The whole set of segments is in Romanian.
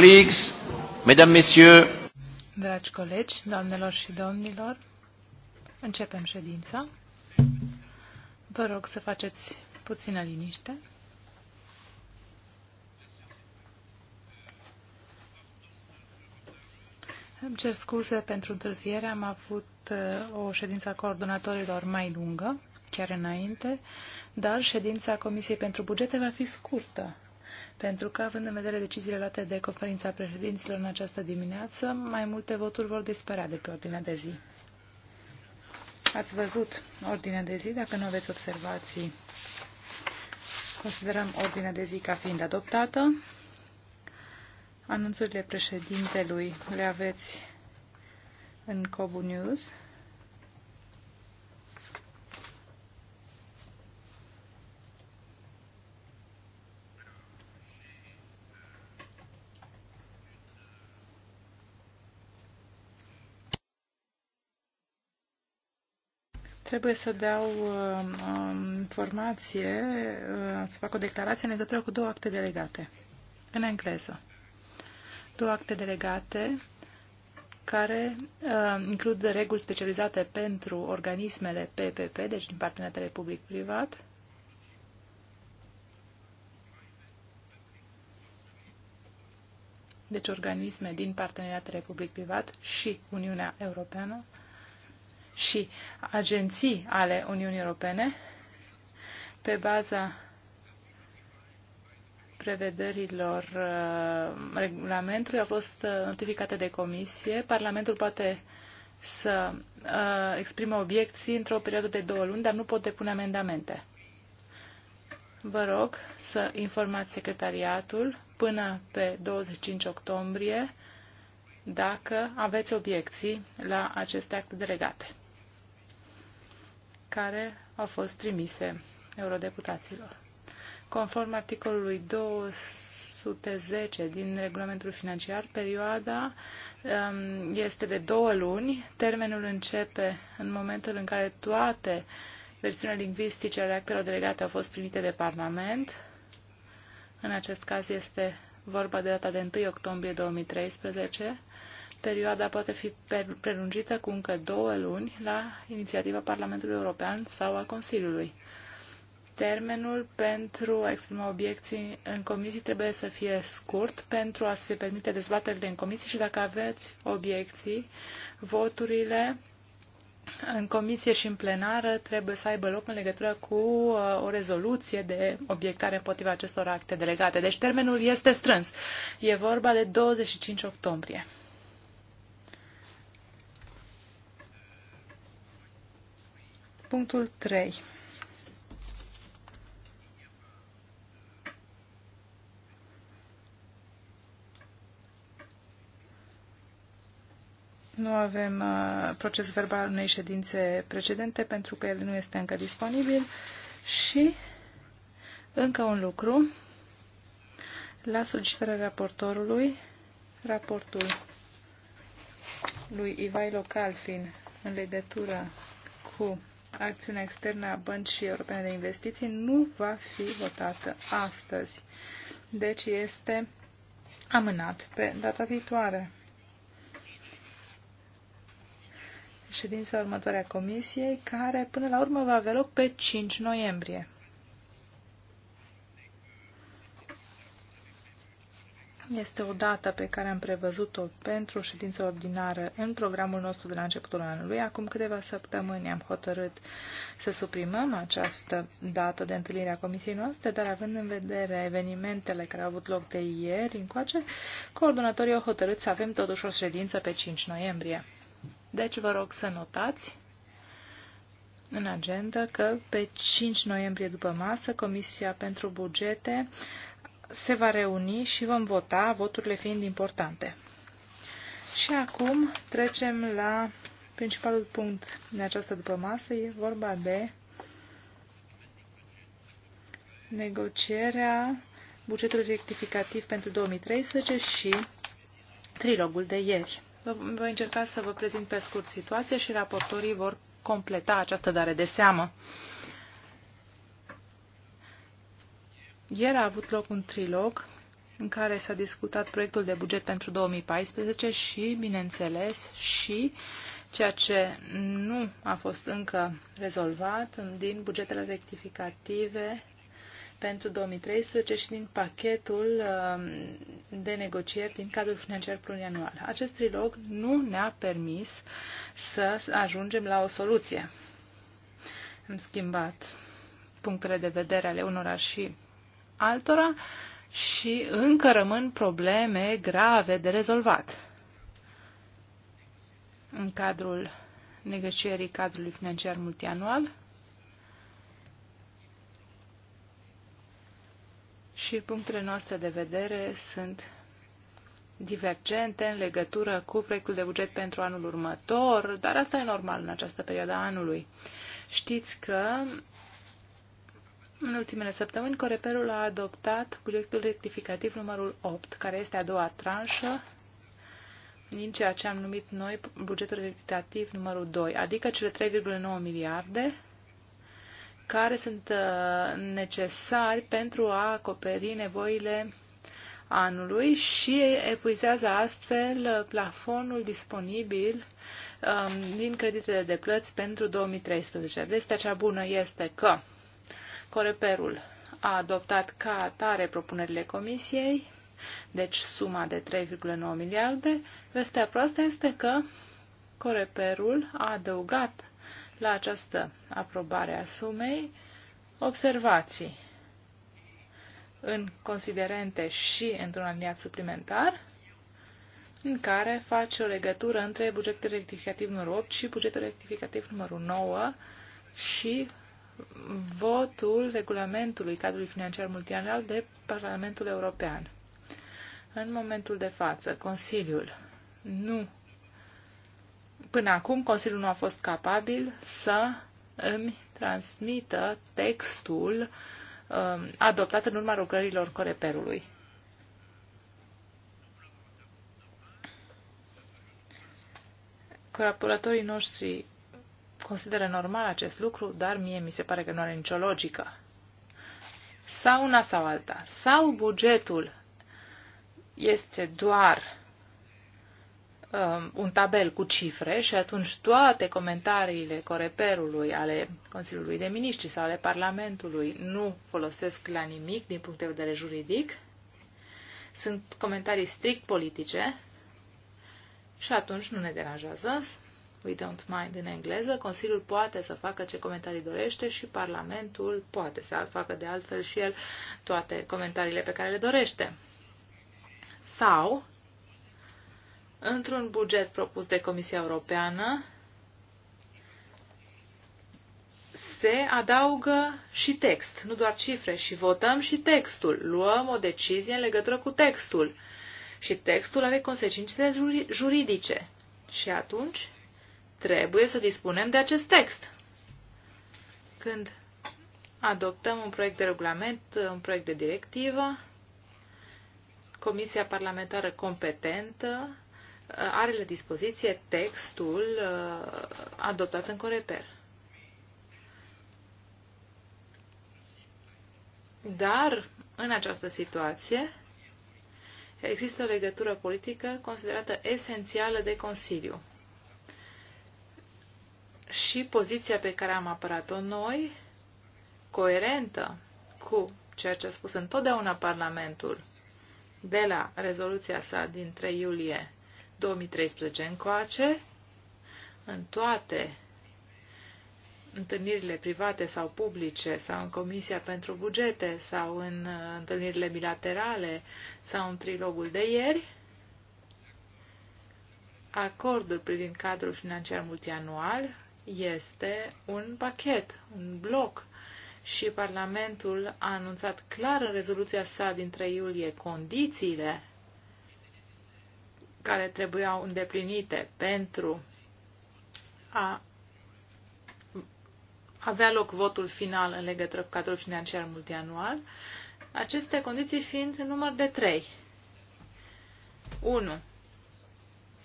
colleagues, mesdames, messieurs. Dragi colegi, doamnelor și domnilor, începem ședința. Vă rog să faceți puțină liniște. Îmi cer scuze pentru întârziere. Am avut uh, o ședință a coordonatorilor mai lungă, chiar înainte, dar ședința Comisiei pentru Bugete va fi scurtă. Pentru că, având în vedere deciziile luate de conferința președinților în această dimineață, mai multe voturi vor dispărea de pe ordinea de zi. Ați văzut ordinea de zi, dacă nu aveți observații, considerăm ordinea de zi ca fiind adoptată. Anunțurile președintelui le aveți în Cobu News. trebuie să dau um, um, informație, uh, să fac o declarație în legătură cu două acte delegate, în engleză. Două acte delegate care uh, includ reguli specializate pentru organismele PPP, deci din parteneriatele public-privat, deci organisme din parteneriatele public-privat și Uniunea Europeană, uh, și agenții ale Uniunii Europene pe baza prevederilor uh, regulamentului au fost uh, notificate de comisie. Parlamentul poate să uh, exprime obiecții într-o perioadă de două luni, dar nu pot depune amendamente. Vă rog să informați secretariatul până pe 25 octombrie dacă aveți obiecții la aceste acte delegate care au fost trimise eurodeputaților. Conform articolului 210 din regulamentul financiar, perioada um, este de două luni. Termenul începe în momentul în care toate versiunile lingvistice ale actelor delegate au fost primite de Parlament. În acest caz este vorba de data de 1 octombrie 2013 perioada poate fi prelungită cu încă două luni la inițiativa Parlamentului European sau a Consiliului. Termenul pentru a exprima obiecții în comisii trebuie să fie scurt pentru a se permite dezbaterile în comisii și dacă aveți obiecții, voturile în comisie și în plenară trebuie să aibă loc în legătură cu uh, o rezoluție de obiectare împotriva acestor acte delegate. Deci termenul este strâns. E vorba de 25 octombrie. Punctul 3. Nu avem uh, proces verbal unei ședințe precedente pentru că el nu este încă disponibil și încă un lucru. La solicitarea raportorului, raportul lui Ivailo Calfin în legătură cu acțiunea externă a Băncii Europene de Investiții nu va fi votată astăzi. Deci este amânat pe data viitoare. Ședința următoare a Comisiei, care până la urmă va avea loc pe 5 noiembrie. este o dată pe care am prevăzut-o pentru o ședință ordinară în programul nostru de la începutul anului. Acum câteva săptămâni am hotărât să suprimăm această dată de întâlnire a comisiei noastre, dar având în vedere evenimentele care au avut loc de ieri încoace, coordonatorii au hotărât să avem totuși o ședință pe 5 noiembrie. Deci vă rog să notați în agenda că pe 5 noiembrie după masă Comisia pentru Bugete se va reuni și vom vota, voturile fiind importante. Și acum trecem la principalul punct de această după masă. E vorba de negocierea bugetului rectificativ pentru 2013 și trilogul de ieri. Voi încerca să vă prezint pe scurt situația și raportorii vor completa această dare de seamă. Ieri a avut loc un trilog în care s-a discutat proiectul de buget pentru 2014 și, bineînțeles, și ceea ce nu a fost încă rezolvat din bugetele rectificative pentru 2013 și din pachetul um, de negocieri din cadrul financiar plurianual. Acest trilog nu ne-a permis să ajungem la o soluție. Am schimbat punctele de vedere ale unora și altora și încă rămân probleme grave de rezolvat în cadrul negocierii cadrului financiar multianual. Și punctele noastre de vedere sunt divergente în legătură cu proiectul de buget pentru anul următor, dar asta e normal în această perioadă a anului. Știți că în ultimele săptămâni, Coreperul a adoptat proiectul rectificativ numărul 8, care este a doua tranșă din ceea ce am numit noi bugetul rectificativ numărul 2, adică cele 3,9 miliarde care sunt uh, necesari pentru a acoperi nevoile anului și epuizează astfel plafonul disponibil um, din creditele de plăți pentru 2013. Vestea cea bună este că Coreperul a adoptat ca atare propunerile comisiei, deci suma de 3,9 miliarde. Vestea proastă este că Coreperul a adăugat la această aprobare a sumei observații în considerente și într-un aliniat suplimentar, în care face o legătură între bugetul rectificativ numărul 8 și bugetul rectificativ numărul 9 și votul regulamentului cadrului financiar multianual de Parlamentul European. În momentul de față, Consiliul nu. Până acum, Consiliul nu a fost capabil să îmi transmită textul um, adoptat în urma rugărilor Coreperului. Colaboratorii noștri consideră normal acest lucru, dar mie mi se pare că nu are nicio logică. Sau una sau alta. Sau bugetul este doar um, un tabel cu cifre și atunci toate comentariile coreperului ale Consiliului de Miniștri sau ale Parlamentului nu folosesc la nimic din punct de vedere juridic. Sunt comentarii strict politice și atunci nu ne deranjează we don't mind în engleză, Consiliul poate să facă ce comentarii dorește și Parlamentul poate să facă de altfel și el toate comentariile pe care le dorește. Sau, într-un buget propus de Comisia Europeană, se adaugă și text, nu doar cifre, și votăm și textul. Luăm o decizie în legătură cu textul. Și textul are consecințe juridice. Și atunci trebuie să dispunem de acest text. Când adoptăm un proiect de regulament, un proiect de directivă, Comisia Parlamentară competentă uh, are la dispoziție textul uh, adoptat în Coreper. Dar, în această situație, există o legătură politică considerată esențială de Consiliu și poziția pe care am apărat-o noi, coerentă cu ceea ce a spus întotdeauna Parlamentul de la rezoluția sa din 3 iulie 2013 încoace, în toate întâlnirile private sau publice, sau în Comisia pentru Bugete, sau în uh, întâlnirile bilaterale, sau în trilogul de ieri, acordul privind cadrul financiar multianual este un pachet, un bloc și Parlamentul a anunțat clar în rezoluția sa din 3 iulie condițiile care trebuiau îndeplinite pentru a avea loc votul final în legătură cu cadrul financiar multianual, aceste condiții fiind număr de 3. 1.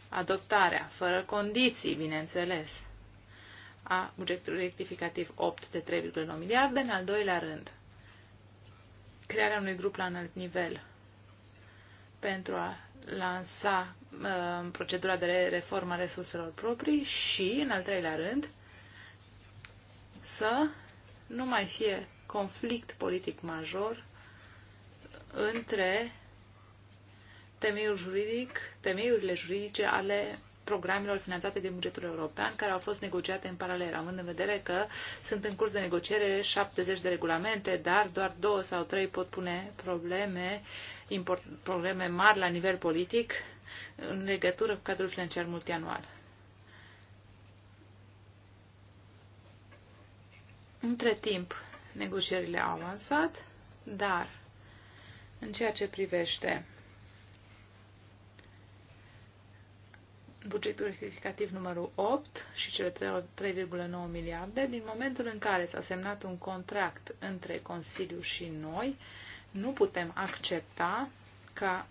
Adoptarea, fără condiții, bineînțeles a bugetului rectificativ 8 de 3,9 miliarde. În al doilea rând, crearea unui grup la înalt nivel pentru a lansa uh, procedura de reformă a resurselor proprii și, în al treilea rând, să nu mai fie conflict politic major între temeiul juridic, temeiurile juridice ale programelor finanțate de bugetul european care au fost negociate în paralel, având în vedere că sunt în curs de negociere 70 de regulamente, dar doar două sau trei pot pune probleme, import, probleme mari la nivel politic în legătură cu cadrul financiar multianual. Între timp, negocierile au avansat, dar în ceea ce privește bugetul rectificativ numărul 8 și cele 3,9 miliarde, din momentul în care s-a semnat un contract între Consiliu și noi, nu putem accepta ca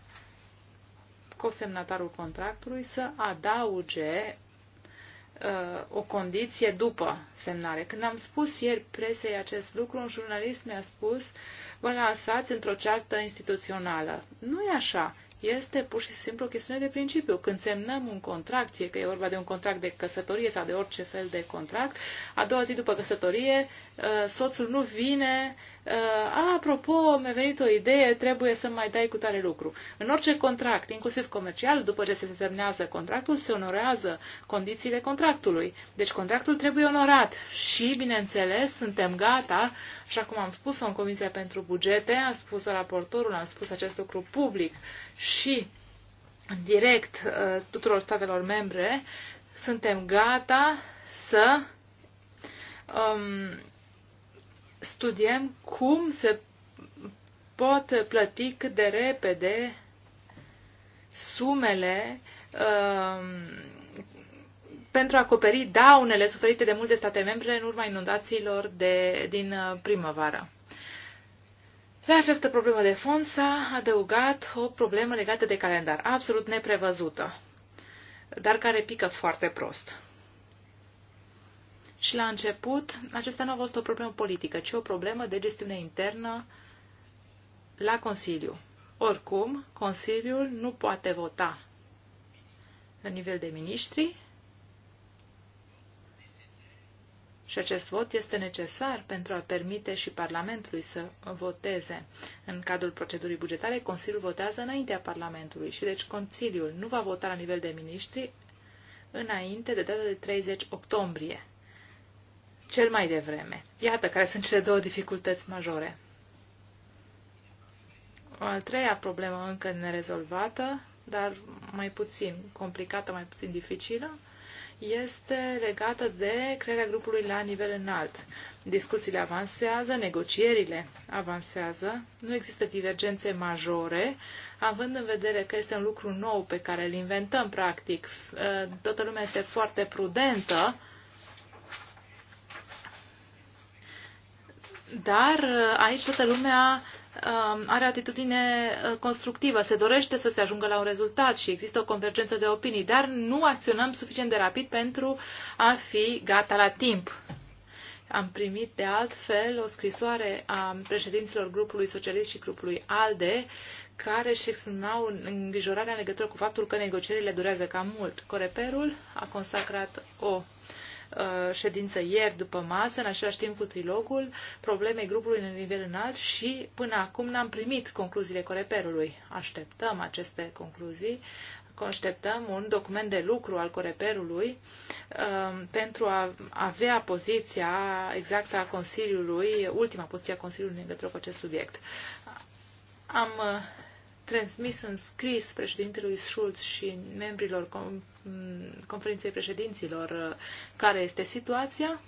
cosemnatarul contractului să adauge uh, o condiție după semnare. Când am spus ieri presei acest lucru, un jurnalist mi-a spus, vă lansați într-o ceartă instituțională. Nu e așa. Este pur și simplu o chestiune de principiu. Când semnăm un contract, fie că e vorba de un contract de căsătorie sau de orice fel de contract, a doua zi după căsătorie, uh, soțul nu vine, uh, a, apropo, mi-a venit o idee, trebuie să mai dai cu tare lucru. În orice contract, inclusiv comercial, după ce se semnează contractul, se onorează condițiile contractului. Deci contractul trebuie onorat și, bineînțeles, suntem gata, așa cum am spus-o în Comisia pentru Bugete, a spus-o raportorul, am spus acest lucru public și direct uh, tuturor statelor membre, suntem gata să um, studiem cum se pot plăti cât de repede sumele um, pentru a acoperi daunele suferite de multe state membre în urma inundațiilor de, din uh, primăvară. La această problemă de fond s-a adăugat o problemă legată de calendar, absolut neprevăzută, dar care pică foarte prost. Și la început, acesta nu a fost o problemă politică, ci o problemă de gestiune internă la Consiliu. Oricum, Consiliul nu poate vota la nivel de miniștri Și acest vot este necesar pentru a permite și Parlamentului să voteze. În cadrul procedurii bugetare, Consiliul votează înaintea Parlamentului și deci Consiliul nu va vota la nivel de miniștri înainte de data de 30 octombrie, cel mai devreme. Iată care sunt cele două dificultăți majore. O al treia problemă încă nerezolvată, dar mai puțin complicată, mai puțin dificilă, este legată de crearea grupului la nivel înalt. Discuțiile avansează, negocierile avansează, nu există divergențe majore, având în vedere că este un lucru nou pe care îl inventăm practic. Toată lumea este foarte prudentă, dar aici toată lumea Um, are o atitudine uh, constructivă, se dorește să se ajungă la un rezultat și există o convergență de opinii, dar nu acționăm suficient de rapid pentru a fi gata la timp. Am primit de altfel o scrisoare a președinților grupului socialist și grupului ALDE care își exprimau îngrijorarea în legătură cu faptul că negocierile durează cam mult. Coreperul a consacrat o Uh, ședință ieri după masă, în același timp cu trilogul, problemei grupului în nivel înalt și până acum n-am primit concluziile coreperului. Așteptăm aceste concluzii așteptăm un document de lucru al Coreperului uh, pentru a avea poziția exactă a Consiliului, ultima poziție a Consiliului în legătură cu acest subiect. Am uh, transmis în scris președintelui Schulz și membrilor conferinței președinților uh, care este situația,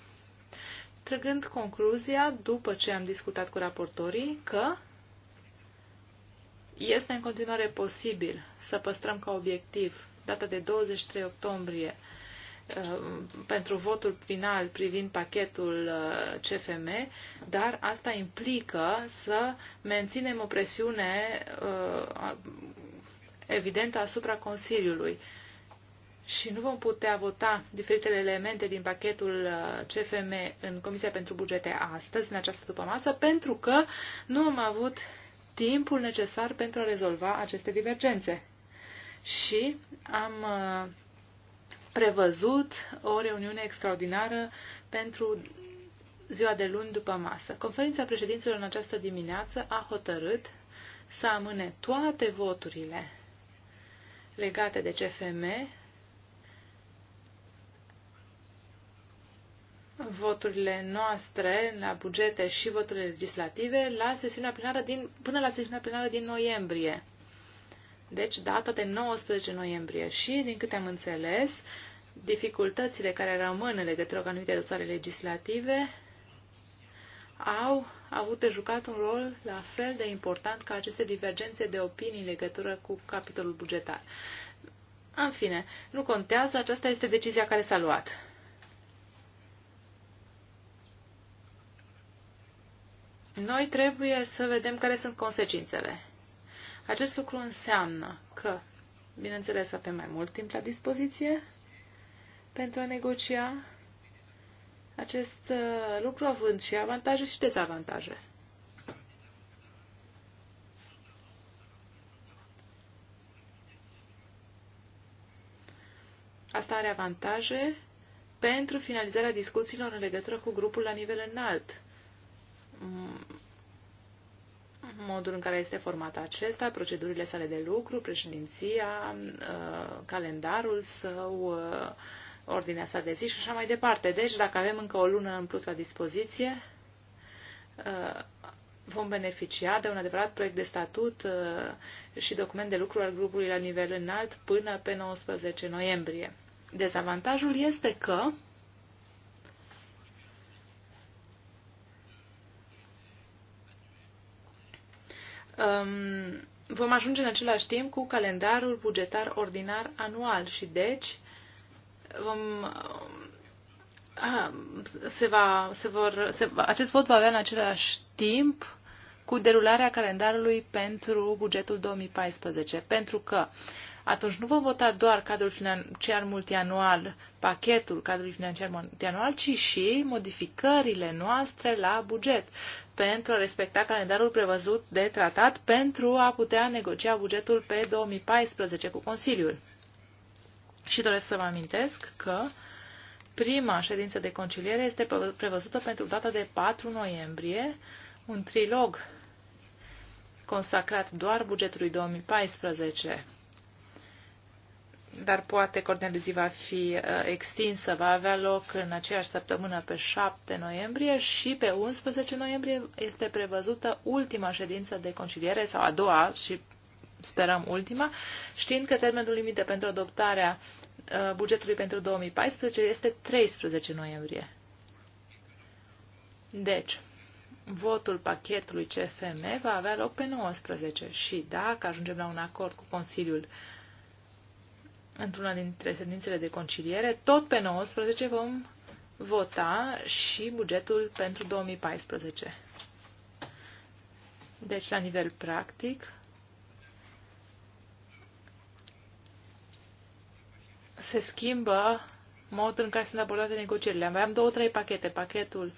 trăgând concluzia, după ce am discutat cu raportorii, că este în continuare posibil să păstrăm ca obiectiv data de 23 octombrie Uh, pentru votul final privind pachetul uh, CFM, dar asta implică să menținem o presiune uh, evidentă asupra Consiliului. Și nu vom putea vota diferitele elemente din pachetul CFM în Comisia pentru Bugete astăzi, în această dupămasă, pentru că nu am avut timpul necesar pentru a rezolva aceste divergențe. Și am uh, prevăzut o reuniune extraordinară pentru ziua de luni după masă. Conferința președinților în această dimineață a hotărât să amâne toate voturile legate de CFM, voturile noastre la bugete și voturile legislative la sesiunea plenară din, până la sesiunea plenară din noiembrie deci data de 19 noiembrie. Și, din câte am înțeles, dificultățile care rămân în legătură cu anumite dosare legislative au avut de jucat un rol la fel de important ca aceste divergențe de opinii în legătură cu capitolul bugetar. În fine, nu contează, aceasta este decizia care s-a luat. Noi trebuie să vedem care sunt consecințele. Acest lucru înseamnă că, bineînțeles, avem mai mult timp la dispoziție pentru a negocia acest uh, lucru, având și avantaje și dezavantaje. Asta are avantaje pentru finalizarea discuțiilor în legătură cu grupul la nivel înalt mm, modul în care este format acesta, procedurile sale de lucru, președinția, uh, calendarul său, uh, ordinea sa de zi și așa mai departe. Deci, dacă avem încă o lună în plus la dispoziție, uh, vom beneficia de un adevărat proiect de statut și document de lucru al grupului la nivel înalt până pe 19 noiembrie. Dezavantajul este că um, vom ajunge în același timp cu calendarul bugetar ordinar anual și deci vom, um, a, ah, se va, se vor, se, acest vot va avea în același timp cu derularea calendarului pentru bugetul 2014, pentru că uh, atunci nu vom vota doar cadrul financiar multianual, pachetul cadrului financiar multianual, ci și modificările noastre la buget pentru a respecta calendarul prevăzut de tratat pentru a putea negocia bugetul pe 2014 cu Consiliul. Și doresc să vă amintesc că prima ședință de conciliere este prevăzută pentru data de 4 noiembrie, un trilog consacrat doar bugetului 2014 dar poate Corneliu zi va fi uh, extinsă, va avea loc în aceeași săptămână pe 7 noiembrie și pe 11 noiembrie este prevăzută ultima ședință de conciliere sau a doua și sperăm ultima, știind că termenul limită pentru adoptarea uh, bugetului pentru 2014 este 13 noiembrie. Deci, votul pachetului CFM va avea loc pe 19 și dacă ajungem la un acord cu Consiliul uh, într-una dintre sedințele de conciliere. Tot pe 19 vom vota și bugetul pentru 2014. Deci, la nivel practic, se schimbă modul în care sunt abordate negocierile. Mai am două, trei pachete. Pachetul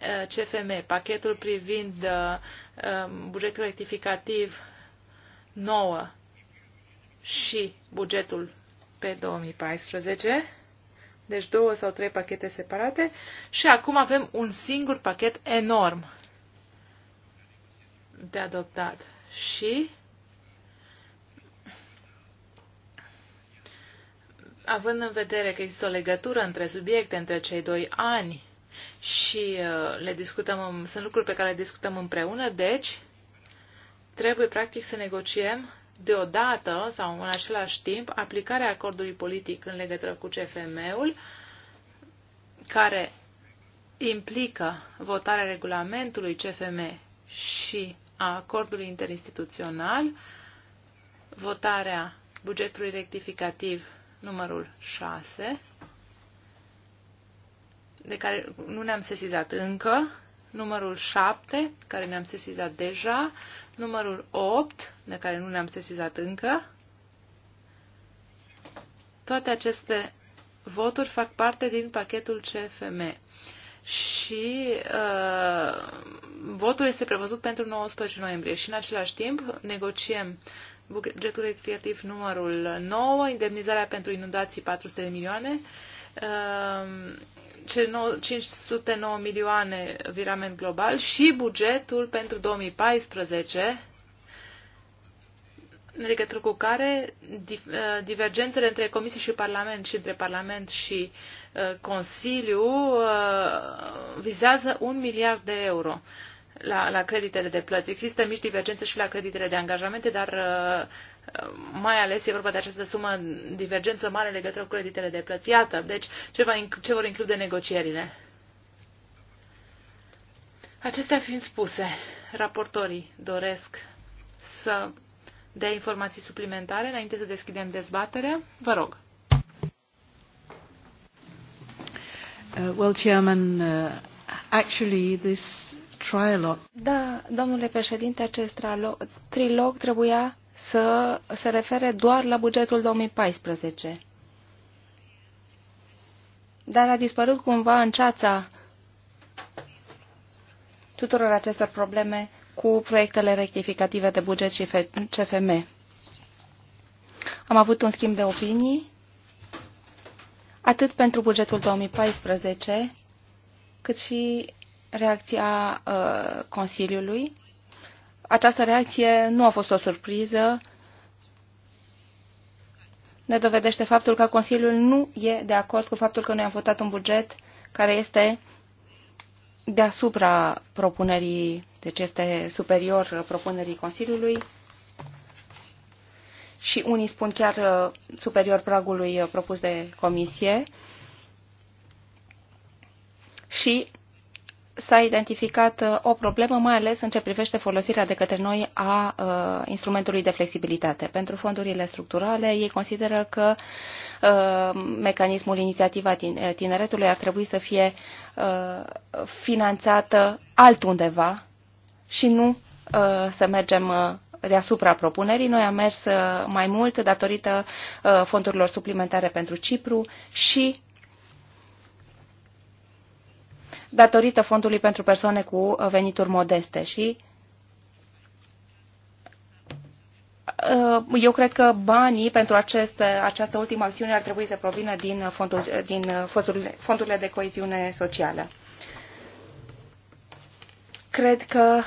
eh, CFM, pachetul privind eh, eh, bugetul rectificativ 9 și bugetul pe 2014, deci două sau trei pachete separate și acum avem un singur pachet enorm de adoptat. Și având în vedere că există o legătură între subiecte, între cei doi ani și uh, le discutăm, sunt lucruri pe care le discutăm împreună, deci trebuie practic să negociem deodată sau în același timp aplicarea acordului politic în legătură cu CFM-ul, care implică votarea regulamentului CFM și a acordului interinstituțional, votarea bugetului rectificativ numărul 6, de care nu ne-am sesizat încă, numărul 7, care ne-am sesizat deja, Numărul 8, de care nu ne-am sesizat încă. Toate aceste voturi fac parte din pachetul CFM și uh, votul este prevăzut pentru 19 noiembrie și în același timp negociem bugetul expiativ numărul 9, indemnizarea pentru inundații 400 de milioane, uh, 509 milioane virament global și bugetul pentru 2014 în legătură cu care uh, divergențele între Comisie și Parlament și între Parlament și uh, Consiliu uh, vizează un miliard de euro la, la creditele de plăți. Există mici divergențe și la creditele de angajamente, dar uh, mai ales e vorba de această sumă divergență mare legătură cu creditele de plăți. Iată, deci ce, va, ce vor include negocierile? Acestea fiind spuse, raportorii doresc să dea informații suplimentare înainte să deschidem dezbaterea. Vă rog. Uh, well, Chairman, uh, actually this trialogue... Da, domnule președinte, acest trilog trebuia să se refere doar la bugetul 2014. Dar a dispărut cumva în ceața tuturor acestor probleme cu proiectele rectificative de buget și CFM. Am avut un schimb de opinii, atât pentru bugetul 2014, cât și reacția uh, Consiliului această reacție nu a fost o surpriză. Ne dovedește faptul că Consiliul nu e de acord cu faptul că noi am votat un buget care este deasupra propunerii, deci este superior propunerii Consiliului și unii spun chiar uh, superior pragului uh, propus de comisie. Și s-a identificat uh, o problemă, mai ales în ce privește folosirea de către noi a uh, instrumentului de flexibilitate. Pentru fondurile structurale, ei consideră că uh, mecanismul inițiativa tineretului ar trebui să fie finanțată altundeva și nu să mergem deasupra propunerii. Noi am mers mai mult datorită fondurilor suplimentare pentru Cipru și datorită Fondului pentru persoane cu venituri modeste și uh, eu cred că banii pentru acest, această ultimă acțiune ar trebui să provină din, fondul, din fondurile, fondurile de coeziune socială. Cred că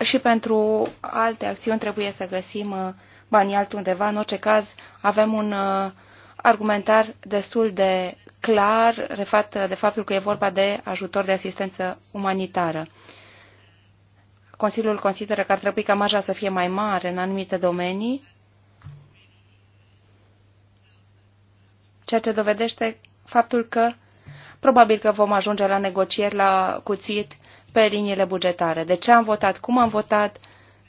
și pentru alte acțiuni trebuie să găsim uh, banii altundeva. În orice caz, avem un uh, argumentar destul de clar refat de faptul că e vorba de ajutor de asistență umanitară. Consiliul consideră că ar trebui ca marja să fie mai mare în anumite domenii, ceea ce dovedește faptul că probabil că vom ajunge la negocieri la cuțit pe liniile bugetare. De ce am votat, cum am votat,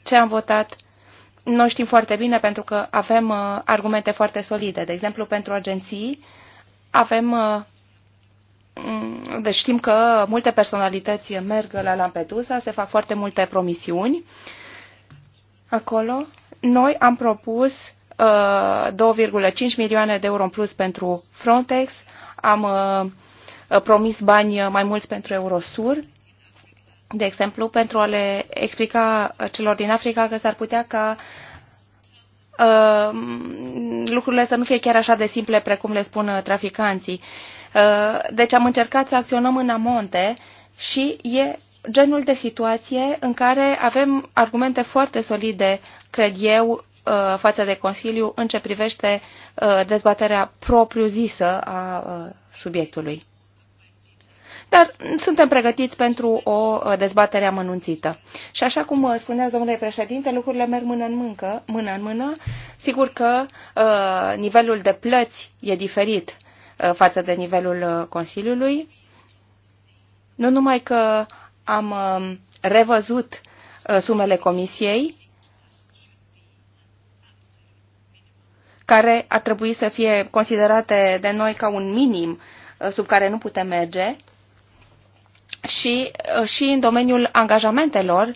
ce am votat, noi știm foarte bine pentru că avem uh, argumente foarte solide. De exemplu, pentru agenții avem uh, mm, deci știm că multe personalități merg la Lampedusa, se fac foarte multe promisiuni acolo. Noi am propus uh, 2,5 milioane de euro în plus pentru Frontex, am uh, promis bani mai mulți pentru Eurosur de exemplu, pentru a le explica celor din Africa că s-ar putea ca uh, lucrurile să nu fie chiar așa de simple precum le spun uh, traficanții. Uh, deci am încercat să acționăm în amonte și e genul de situație în care avem argumente foarte solide, cred eu, uh, față de Consiliu în ce privește uh, dezbaterea propriu-zisă a subiectului dar suntem pregătiți pentru o uh, dezbatere amănunțită. Și așa cum uh, spunea domnule președinte, lucrurile merg mână în, mâncă, mână, în mână. Sigur că uh, nivelul de plăți e diferit față de nivelul Consiliului. Nu numai că am um, revăzut sumele Comisiei, care ar trebui să fie considerate de noi ca un minim sub care nu putem merge, și, uh, și în domeniul angajamentelor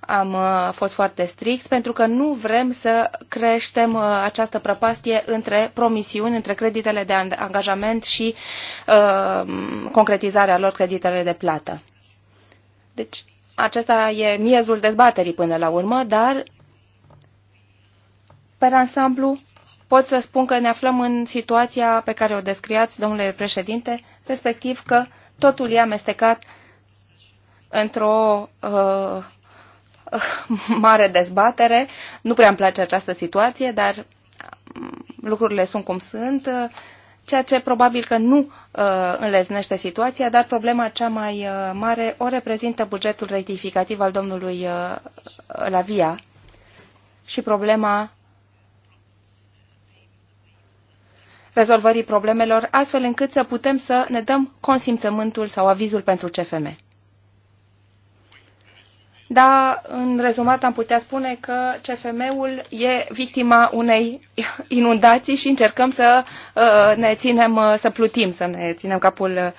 am uh, fost foarte strict pentru că nu vrem să creștem uh, această prăpastie între promisiuni, între creditele de angajament și uh, concretizarea lor creditele de plată. Deci acesta e miezul dezbaterii până la urmă, dar pe ansamblu pot să spun că ne aflăm în situația pe care o descriați, domnule președinte, respectiv că totul e amestecat într-o uh, mare dezbatere. Nu prea îmi place această situație, dar mm, lucrurile sunt cum sunt, uh, ceea ce probabil că nu uh, înleznește situația, dar problema cea mai uh, mare o reprezintă bugetul rectificativ al domnului uh, Lavia și problema rezolvării problemelor, astfel încât să putem să ne dăm consimțământul sau avizul pentru CFM dar în rezumat am putea spune că CFM-ul e victima unei inundații și încercăm să uh, ne ținem, uh, să plutim, să ne ținem capul uh,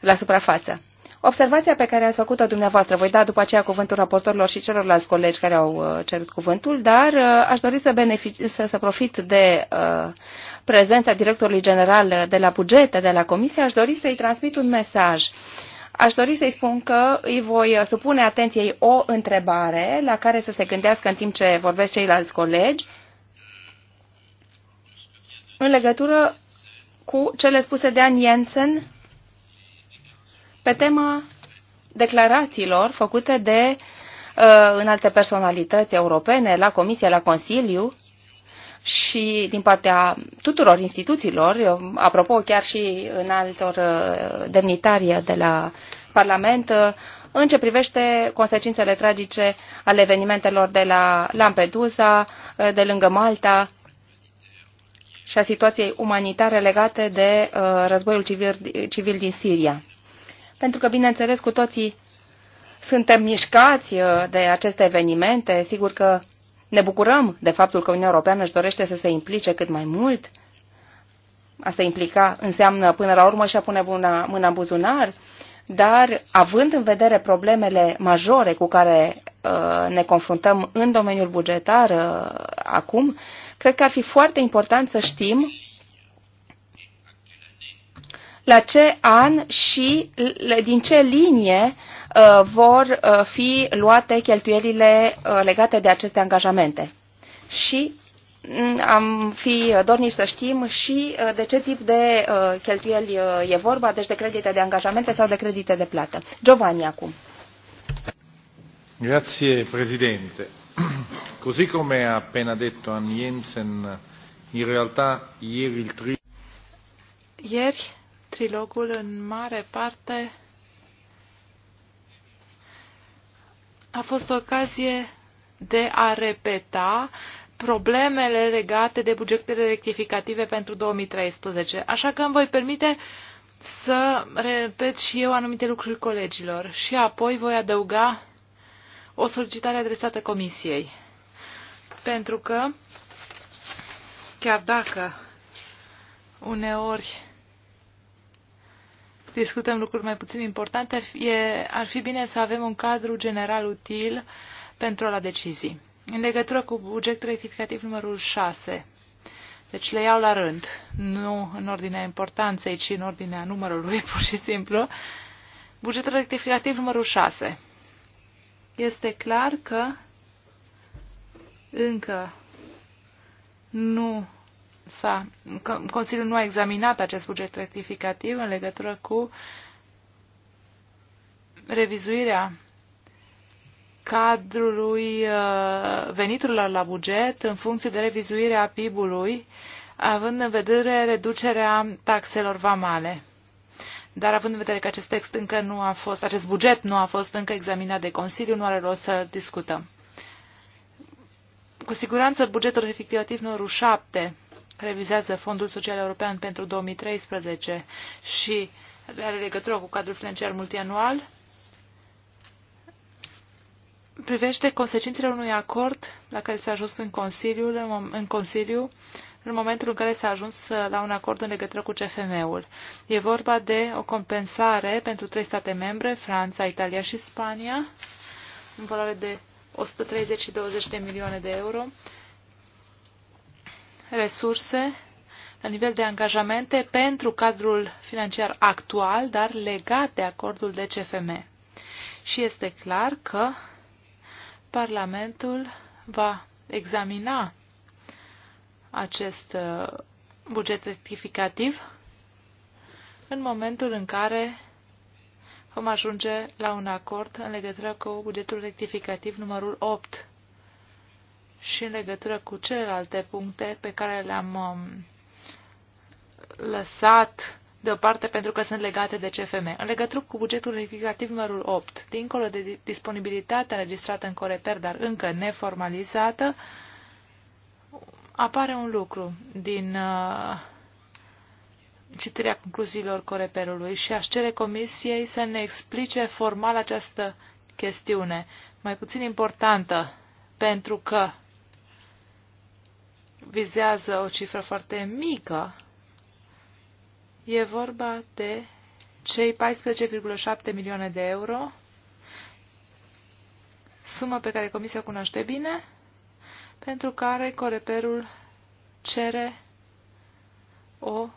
la suprafață. Observația pe care ați făcut-o dumneavoastră, voi da după aceea cuvântul raportorilor și celorlalți colegi care au cerut cuvântul, dar aș dori să, benefic- să, să profit de uh, prezența directorului general de la bugete, de la comisie, aș dori să-i transmit un mesaj. Uh, Aș dori să-i spun că îi voi supune atenției o întrebare la care să se gândească în timp ce vorbesc ceilalți colegi în legătură cu cele spuse de Ann Jensen pe tema declarațiilor făcute de uh, alte personalități europene, la Comisie, la Consiliu, și din partea tuturor instituțiilor, apropo chiar și în altor uh, demnitari de la Parlament, uh, în ce privește consecințele tragice ale evenimentelor de la Lampedusa, uh, de lângă Malta și a situației umanitare legate de războiul civil, civil din Siria. Pentru că, bineînțeles, cu toții suntem mișcați de aceste evenimente, sigur că ne bucurăm de faptul că Uniunea Europeană își dorește să se implice cât mai mult. Asta implica, înseamnă până la urmă și a pune mâna, mâna în buzunar, dar având în vedere problemele majore cu care uh, ne confruntăm în domeniul bugetar uh, acum, cred că ar fi foarte important să știm la ce an și din ce linie Uh, vor uh, fi luate cheltuielile uh, legate de aceste angajamente. Și mm, am fi dornici să știm și de ce tip de cheltuieli e vorba, deci de credite de angajamente sau de credite de plată. Giovanni acum. Grazie Presidente. Così come ha appena detto Ann Jensen, in realtà ieri il tri... Ieri trilogul în mare parte a fost o ocazie de a repeta problemele legate de bugetele rectificative pentru 2013. Așa că îmi voi permite să repet și eu anumite lucruri colegilor și apoi voi adăuga o solicitare adresată Comisiei. Pentru că, chiar dacă uneori discutăm lucruri mai puțin importante, ar fi, ar fi bine să avem un cadru general util pentru la decizii. În legătură cu bugetul rectificativ numărul 6, deci le iau la rând, nu în ordinea importanței, ci în ordinea numărului, pur și simplu. Bugetul rectificativ numărul 6. Este clar că încă nu s-a, Consiliul nu a examinat acest buget rectificativ în legătură cu revizuirea cadrului uh, veniturilor la buget în funcție de revizuirea PIB-ului, având în vedere reducerea taxelor vamale. Dar având în vedere că acest text încă nu a fost, acest buget nu a fost încă examinat de Consiliu, nu are rost să discutăm. Cu siguranță bugetul rectificativ numărul 7 revizează Fondul Social European pentru 2013 și are legătură cu cadrul financiar multianual, privește consecințele unui acord la care s-a ajuns în, Consiliul, în Consiliu în momentul în care s-a ajuns la un acord în legătură cu CFM-ul. E vorba de o compensare pentru trei state membre, Franța, Italia și Spania, în valoare de 130 și 20 de milioane de euro, resurse la nivel de angajamente pentru cadrul financiar actual, dar legat de acordul de CFM. Și este clar că Parlamentul va examina acest uh, buget rectificativ în momentul în care vom ajunge la un acord în legătură cu bugetul rectificativ numărul 8 și în legătură cu celelalte puncte pe care le-am um, lăsat deoparte pentru că sunt legate de CFM. În legătură cu bugetul unificativ numărul 8, dincolo de disponibilitatea registrată în Coreper, dar încă neformalizată, apare un lucru din uh, citirea concluziilor Coreperului și aș cere Comisiei să ne explice formal această chestiune, mai puțin importantă, pentru că vizează o cifră foarte mică. E vorba de cei 14,7 milioane de euro, sumă pe care Comisia o cunoaște bine, pentru care Coreperul cere o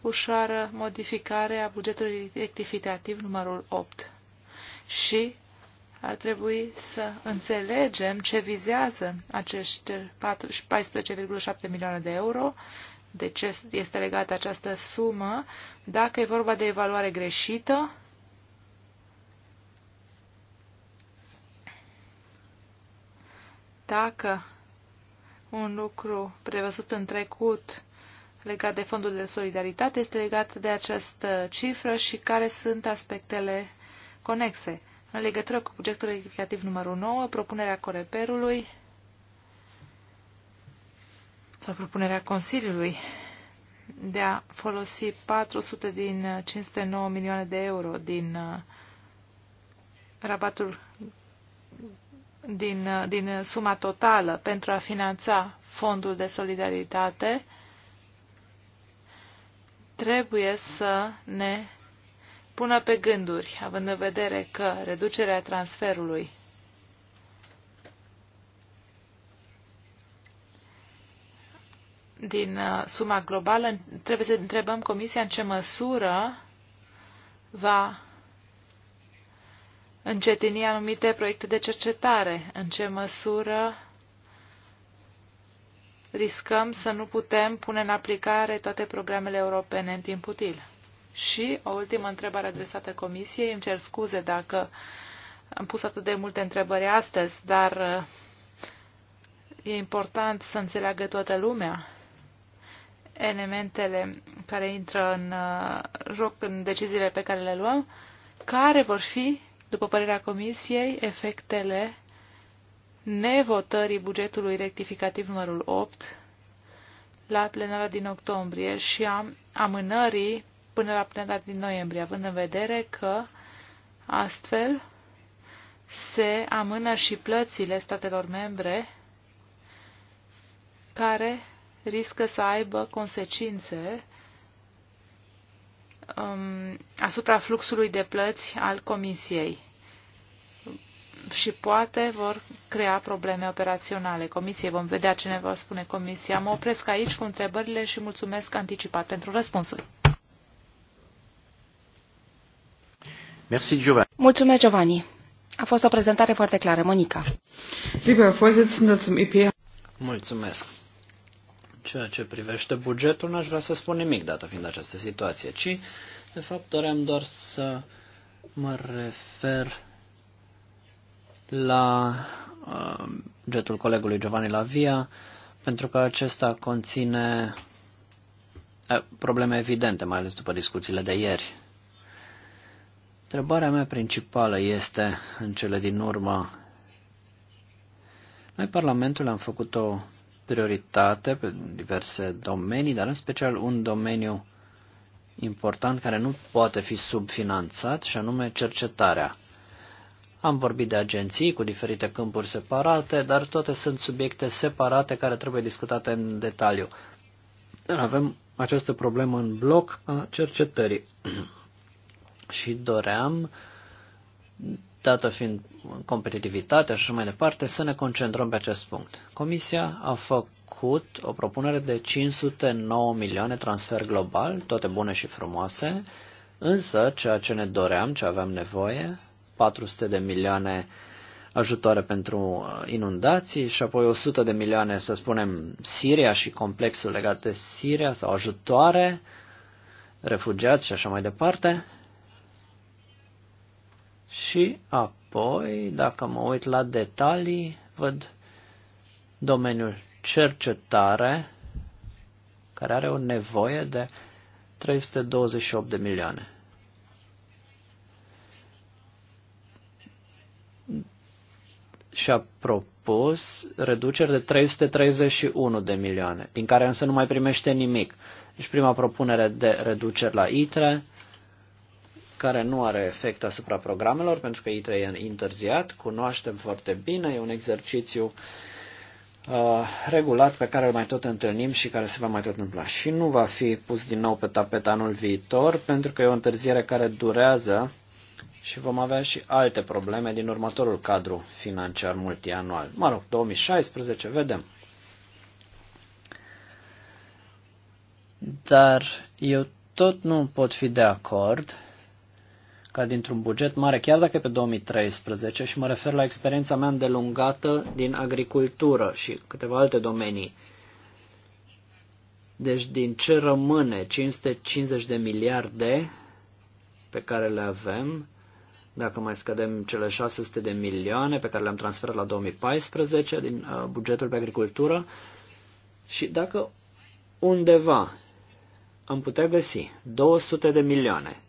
ușoară modificare a bugetului rectificativ numărul 8 și ar trebui să înțelegem ce vizează acești 14,7 milioane de euro, de ce este legată această sumă, dacă e vorba de evaluare greșită, dacă un lucru prevăzut în trecut legat de fondul de solidaritate este legat de această cifră și care sunt aspectele conexe. În legătură cu proiectul legislativ numărul 9, propunerea Coreperului sau propunerea Consiliului de a folosi 400 din 509 milioane de euro din uh, rabatul din, uh, din suma totală pentru a finanța fondul de solidaritate, trebuie să ne pună pe gânduri, având în vedere că reducerea transferului din uh, suma globală, trebuie să întrebăm Comisia în ce măsură va încetini anumite proiecte de cercetare, în ce măsură riscăm să nu putem pune în aplicare toate programele europene în timp util. Și o ultimă întrebare adresată Comisiei. Îmi cer scuze dacă am pus atât de multe întrebări astăzi, dar e important să înțeleagă toată lumea elementele care intră în uh, joc în deciziile pe care le luăm, care vor fi, după părerea Comisiei, efectele nevotării bugetului rectificativ numărul 8 la plenara din octombrie și a amânării până la plena din noiembrie, având în vedere că astfel se amână și plățile statelor membre care riscă să aibă consecințe um, asupra fluxului de plăți al Comisiei și poate vor crea probleme operaționale. Comisiei vom vedea ce ne va spune Comisia. Mă opresc aici cu întrebările și mulțumesc anticipat pentru răspunsuri. Merci, Giovanni. Mulțumesc, Giovanni. A fost o prezentare foarte clară. Monica. Mulțumesc. Ceea ce privește bugetul, n-aș vrea să spun nimic, dată fiind această situație, ci, de fapt, doream doar să mă refer la uh, bugetul colegului Giovanni Lavia, pentru că acesta conține uh, probleme evidente, mai ales după discuțiile de ieri. Întrebarea mea principală este, în cele din urmă, noi Parlamentul am făcut o prioritate pe diverse domenii, dar în special un domeniu important care nu poate fi subfinanțat și anume cercetarea. Am vorbit de agenții cu diferite câmpuri separate, dar toate sunt subiecte separate care trebuie discutate în detaliu. Dar avem această problemă în bloc a cercetării. și doream, dată fiind competitivitatea și așa mai departe, să ne concentrăm pe acest punct. Comisia a făcut o propunere de 509 milioane transfer global, toate bune și frumoase, însă ceea ce ne doream, ce aveam nevoie, 400 de milioane ajutoare pentru uh, inundații și apoi 100 de milioane, să spunem, Siria și complexul legat de Siria sau ajutoare, refugiați și așa mai departe. Și apoi, dacă mă uit la detalii, văd domeniul cercetare, care are o nevoie de 328 de milioane. Și-a propus reduceri de 331 de milioane, din care însă nu mai primește nimic. Deci prima propunere de reduceri la ITRE, care nu are efect asupra programelor, pentru că ITRE e întârziat, cunoaștem foarte bine, e un exercițiu uh, regulat pe care îl mai tot întâlnim și care se va mai tot întâmpla. Și nu va fi pus din nou pe tapet anul viitor, pentru că e o întârziere care durează și vom avea și alte probleme din următorul cadru financiar multianual. Mă rog, 2016, vedem. Dar eu tot nu pot fi de acord ca dintr-un buget mare, chiar dacă e pe 2013, și mă refer la experiența mea îndelungată din agricultură și câteva alte domenii. Deci din ce rămâne 550 de miliarde pe care le avem, dacă mai scădem cele 600 de milioane pe care le-am transferat la 2014 din uh, bugetul pe agricultură, și dacă undeva am putea găsi 200 de milioane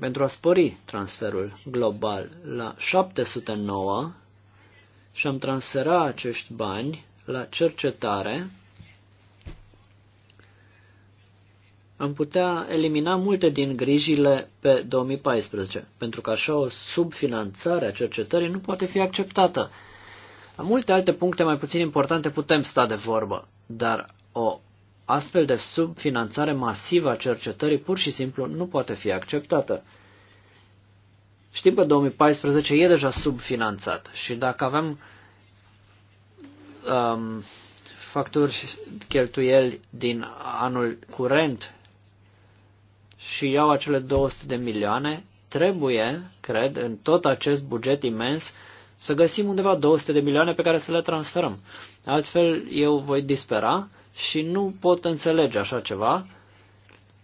pentru a spori transferul global la 709 și am transfera acești bani la cercetare, am putea elimina multe din grijile pe 2014, pentru că așa o subfinanțare a cercetării nu poate fi acceptată. La multe alte puncte mai puțin importante putem sta de vorbă, dar o Astfel de subfinanțare masivă a cercetării pur și simplu nu poate fi acceptată. Știm că 2014 e deja subfinanțat și dacă avem um, facturi cheltuieli din anul curent și iau acele 200 de milioane, trebuie, cred, în tot acest buget imens, să găsim undeva 200 de milioane pe care să le transferăm. Altfel, eu voi dispera și nu pot înțelege așa ceva.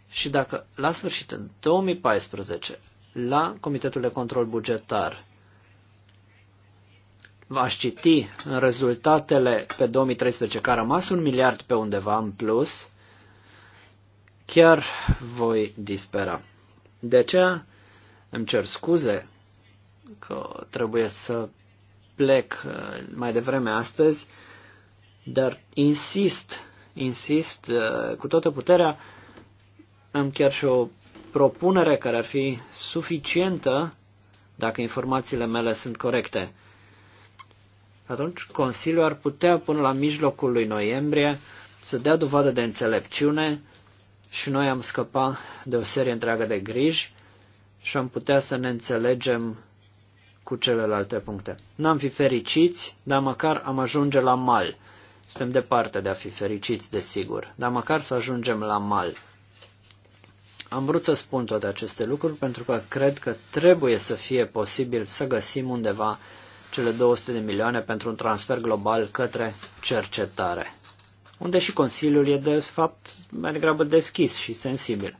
Și dacă la sfârșit, în 2014, la Comitetul de Control Bugetar, v-aș citi în rezultatele pe 2013, că a rămas un miliard pe undeva în plus, chiar voi dispera. De aceea îmi cer scuze că trebuie să plec uh, mai devreme astăzi, dar insist insist uh, cu toată puterea, am chiar și o propunere care ar fi suficientă dacă informațiile mele sunt corecte. Atunci Consiliul ar putea până la mijlocul lui noiembrie să dea dovadă de înțelepciune și noi am scăpat de o serie întreagă de griji și am putea să ne înțelegem cu celelalte puncte. N-am fi fericiți, dar măcar am ajunge la mal. Suntem departe de a fi fericiți, desigur, dar măcar să ajungem la mal. Am vrut să spun toate aceste lucruri pentru că cred că trebuie să fie posibil să găsim undeva cele 200 de milioane pentru un transfer global către cercetare, unde și Consiliul e de fapt mai degrabă deschis și sensibil.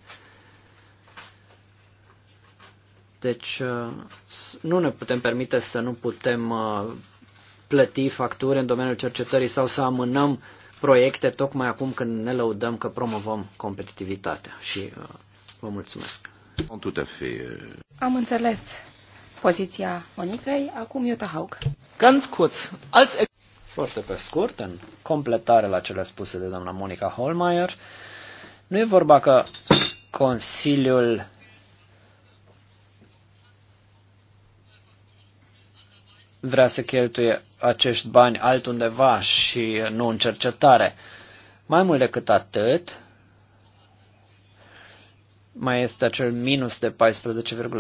Deci uh, nu ne putem permite să nu putem uh, plăti facturi în domeniul cercetării sau să amânăm proiecte tocmai acum când ne lăudăm că promovăm competitivitatea. Și uh, vă mulțumesc. Uh, Am înțeles poziția Monicăi, acum Iuta Haug. Ganz kurz, als foarte pe scurt, în completare la cele spuse de doamna Monica Holmeier, nu e vorba că Consiliul vrea să cheltuie acești bani altundeva și nu în cercetare. Mai mult decât atât, mai este acel minus de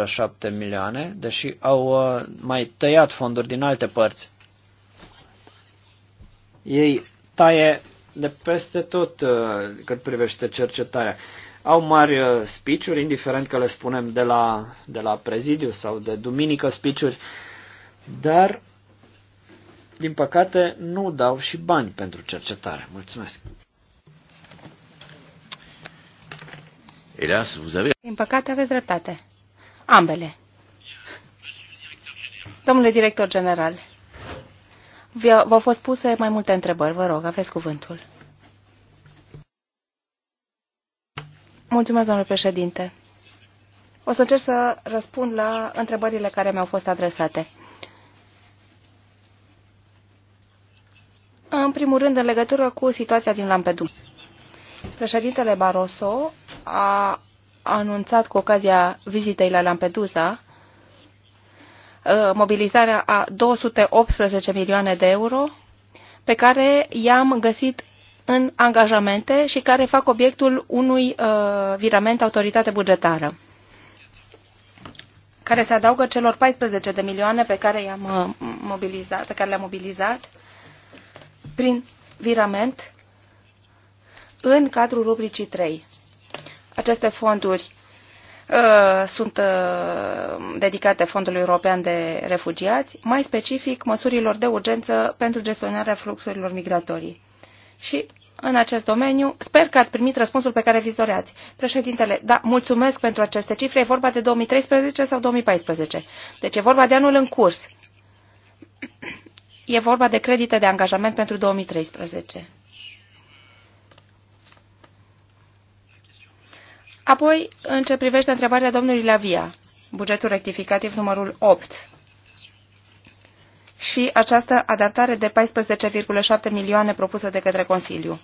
14,7 milioane, deși au uh, mai tăiat fonduri din alte părți. Ei taie de peste tot uh, cât privește cercetarea. Au mari uh, spiciuri, indiferent că le spunem de la, de la prezidiu sau de duminică spiciuri, uh, dar, din păcate, nu dau și bani pentru cercetare. Mulțumesc! Elas, vous avez... Din păcate, aveți dreptate. Ambele. Domnule director general, v-au fost puse mai multe întrebări. Vă rog, aveți cuvântul. Mulțumesc, domnule președinte. O să încerc să răspund la întrebările care mi-au fost adresate. În primul rând, în legătură cu situația din Lampedusa. Președintele Barroso a anunțat cu ocazia vizitei la Lampedusa uh, mobilizarea a 218 milioane de euro pe care i-am găsit în angajamente și care fac obiectul unui uh, virament autoritate bugetară, care se adaugă celor 14 de milioane pe care, i-am, uh, mobilizat, pe care le-am mobilizat prin virament în cadrul rubricii 3. Aceste fonduri uh, sunt uh, dedicate Fondului European de Refugiați, mai specific măsurilor de urgență pentru gestionarea fluxurilor migratorii. Și în acest domeniu. Sper că ați primit răspunsul pe care vi doreați. Președintele, da, mulțumesc pentru aceste cifre. E vorba de 2013 sau 2014. Deci e vorba de anul în curs. E vorba de credite de angajament pentru 2013. Apoi, în ce privește întrebarea domnului Lavia, bugetul rectificativ numărul 8 și această adaptare de 14,7 milioane propusă de către Consiliu.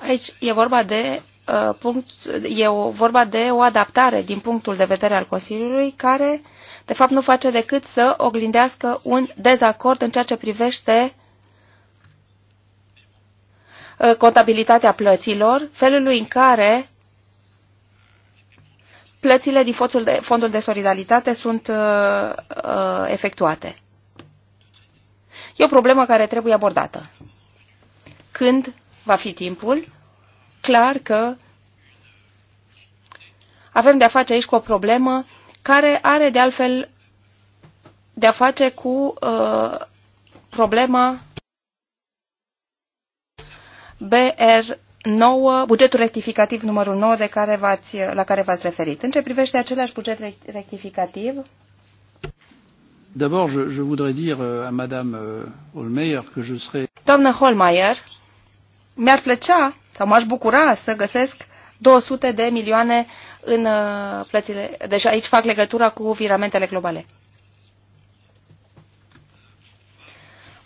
Aici e vorba de uh, punct, e o, vorba de o adaptare din punctul de vedere al Consiliului care de fapt nu face decât să oglindească un dezacord în ceea ce privește ă, contabilitatea plăților, felului în care plățile din fondul de, fondul de solidaritate sunt uh, uh, efectuate. E o problemă care trebuie abordată. Când va fi timpul? Clar că avem de-a face aici cu o problemă care are de altfel de-a face cu uh, problema BR9, bugetul rectificativ numărul 9 de care la care v-ați referit. În ce privește același buget rectificativ? D'abord, je, je voudrais dire euh, à Madame euh, Holmeyer que je serai... Doamnă Holmeyer, mi-ar plăcea sau m-aș bucura să găsesc uh, 200 de milioane în uh, plățile. Deci aici fac legătura cu viramentele globale.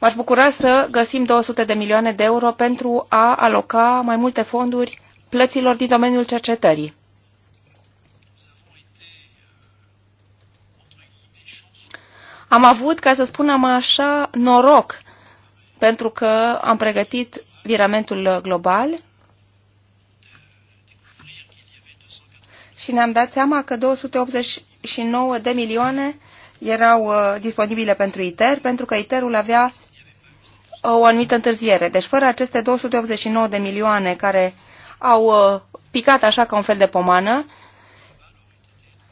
M-aș bucura să găsim 200 de milioane de euro pentru a aloca mai multe fonduri plăților din domeniul cercetării. Am avut, ca să spunem așa, noroc, pentru că am pregătit viramentul global și ne-am dat seama că 289 de milioane erau uh, disponibile pentru ITER, pentru că ITER-ul avea uh, o anumită întârziere. Deci fără aceste 289 de milioane care au uh, picat așa ca un fel de pomană,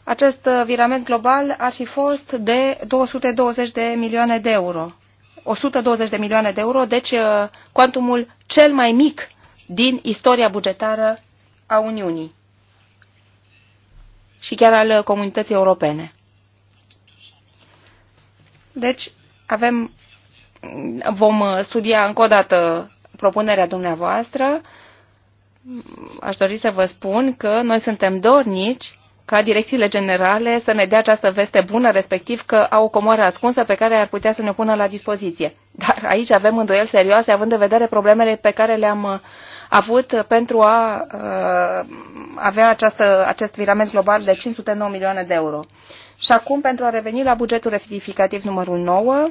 acest virament global ar fi fost de 220 de milioane de euro. 120 de milioane de euro, deci cuantumul cel mai mic din istoria bugetară a Uniunii și chiar al uh, comunității europene. Deci, avem, mm, vom uh, studia încă o dată propunerea dumneavoastră. Mm, aș dori să vă spun că noi suntem dornici ca direcțiile generale să ne dea această veste bună, respectiv că au o comoară ascunsă pe care ar putea să ne pună la dispoziție. Dar aici avem îndoieli serioase, având în vedere problemele pe care le-am uh, avut pentru a uh, avea această, acest virament global de 509 milioane de euro. Și acum, pentru a reveni la bugetul rectificativ numărul 9,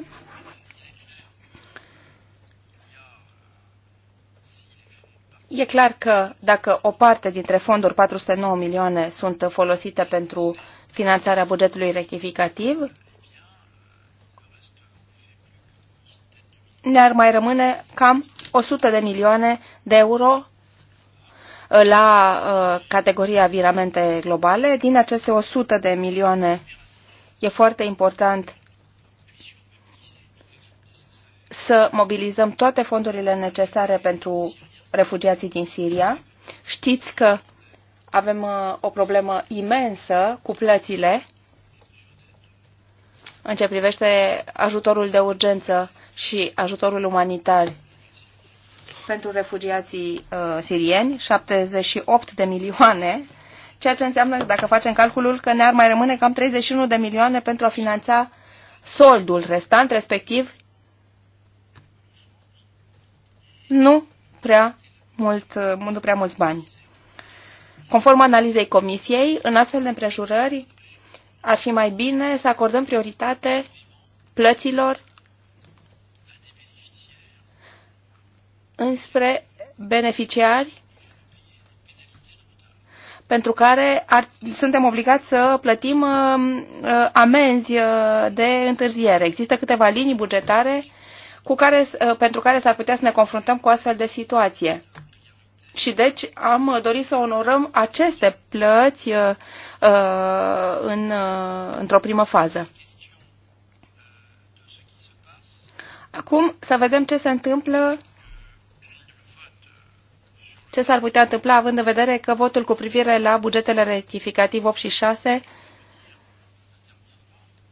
E clar că dacă o parte dintre fonduri, 409 milioane, sunt folosite pentru finanțarea bugetului rectificativ, ne-ar mai rămâne cam 100 de milioane de euro uh, la uh, categoria viramente globale. Din aceste 100 de milioane e foarte important să mobilizăm toate fondurile necesare pentru refugiații din Siria. Știți că avem uh, o problemă imensă cu plățile în ce privește ajutorul de urgență și ajutorul umanitar pentru refugiații uh, sirieni, 78 de milioane, ceea ce înseamnă, dacă facem calculul, că ne-ar mai rămâne cam 31 de milioane pentru a finanța soldul restant, respectiv nu prea, mult, uh, nu prea mulți bani. Conform analizei comisiei, în astfel de împrejurări, ar fi mai bine să acordăm prioritate plăților înspre beneficiari pentru care ar, suntem obligați să plătim uh, uh, amenzi uh, de întârziere. Există câteva linii bugetare cu care, uh, pentru care s-ar putea să ne confruntăm cu astfel de situație. Și deci am dorit să onorăm aceste plăți uh, uh în, uh, într-o primă fază. Acum să vedem ce se întâmplă ce s-ar putea întâmpla având în vedere că votul cu privire la bugetele rectificativ 8 și 6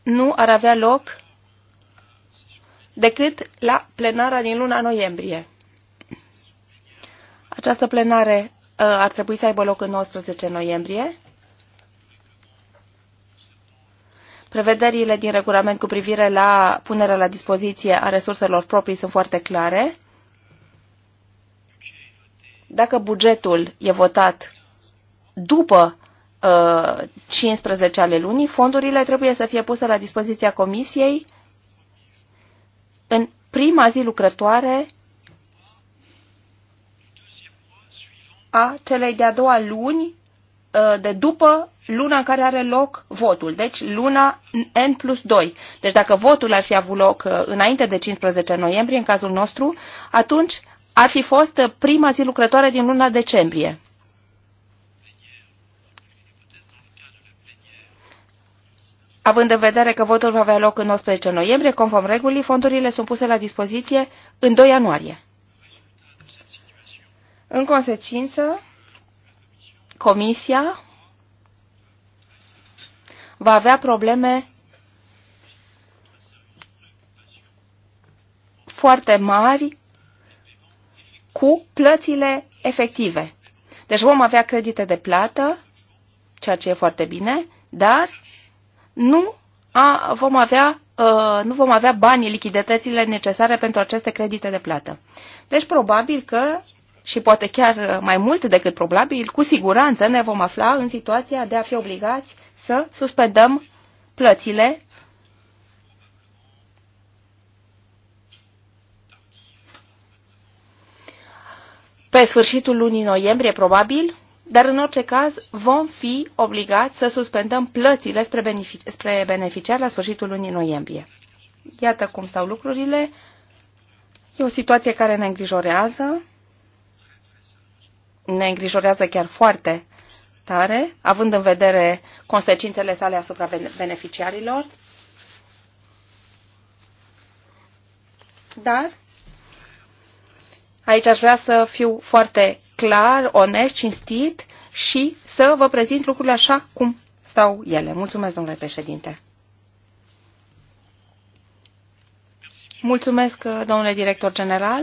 nu ar avea loc decât la plenara din luna noiembrie. Această plenare uh, ar trebui să aibă loc în 19 noiembrie. Prevederile din regulament cu privire la punerea la dispoziție a resurselor proprii sunt foarte clare dacă bugetul e votat după 15 uh, ale lunii, fondurile trebuie să fie puse la dispoziția comisiei în prima zi lucrătoare a celei de-a doua luni uh, de după luna în care are loc votul, deci luna N plus 2. Deci dacă votul ar fi avut loc uh, înainte de 15 noiembrie, în cazul nostru, atunci ar fi fost prima zi lucrătoare din luna decembrie. Având în vedere că votul va avea loc în 19 noiembrie, conform regulii, fondurile sunt puse la dispoziție în 2 ianuarie. În consecință, Comisia va avea probleme foarte mari cu plățile efective. Deci vom avea credite de plată, ceea ce e foarte bine, dar nu a, vom avea, uh, nu vom avea banii, lichiditățile necesare pentru aceste credite de plată. Deci probabil că, și poate chiar mai mult decât probabil, cu siguranță ne vom afla în situația de a fi obligați să suspendăm plățile pe sfârșitul lunii noiembrie, probabil, dar în orice caz vom fi obligați să suspendăm plățile spre, benefic- spre beneficiar la sfârșitul lunii noiembrie. Iată cum stau lucrurile. E o situație care ne îngrijorează. Ne îngrijorează chiar foarte tare, având în vedere consecințele sale asupra beneficiarilor. Dar Aici aș vrea să fiu foarte clar, onest, cinstit și să vă prezint lucrurile așa cum stau ele. Mulțumesc, domnule președinte. Mulțumesc, domnule director general.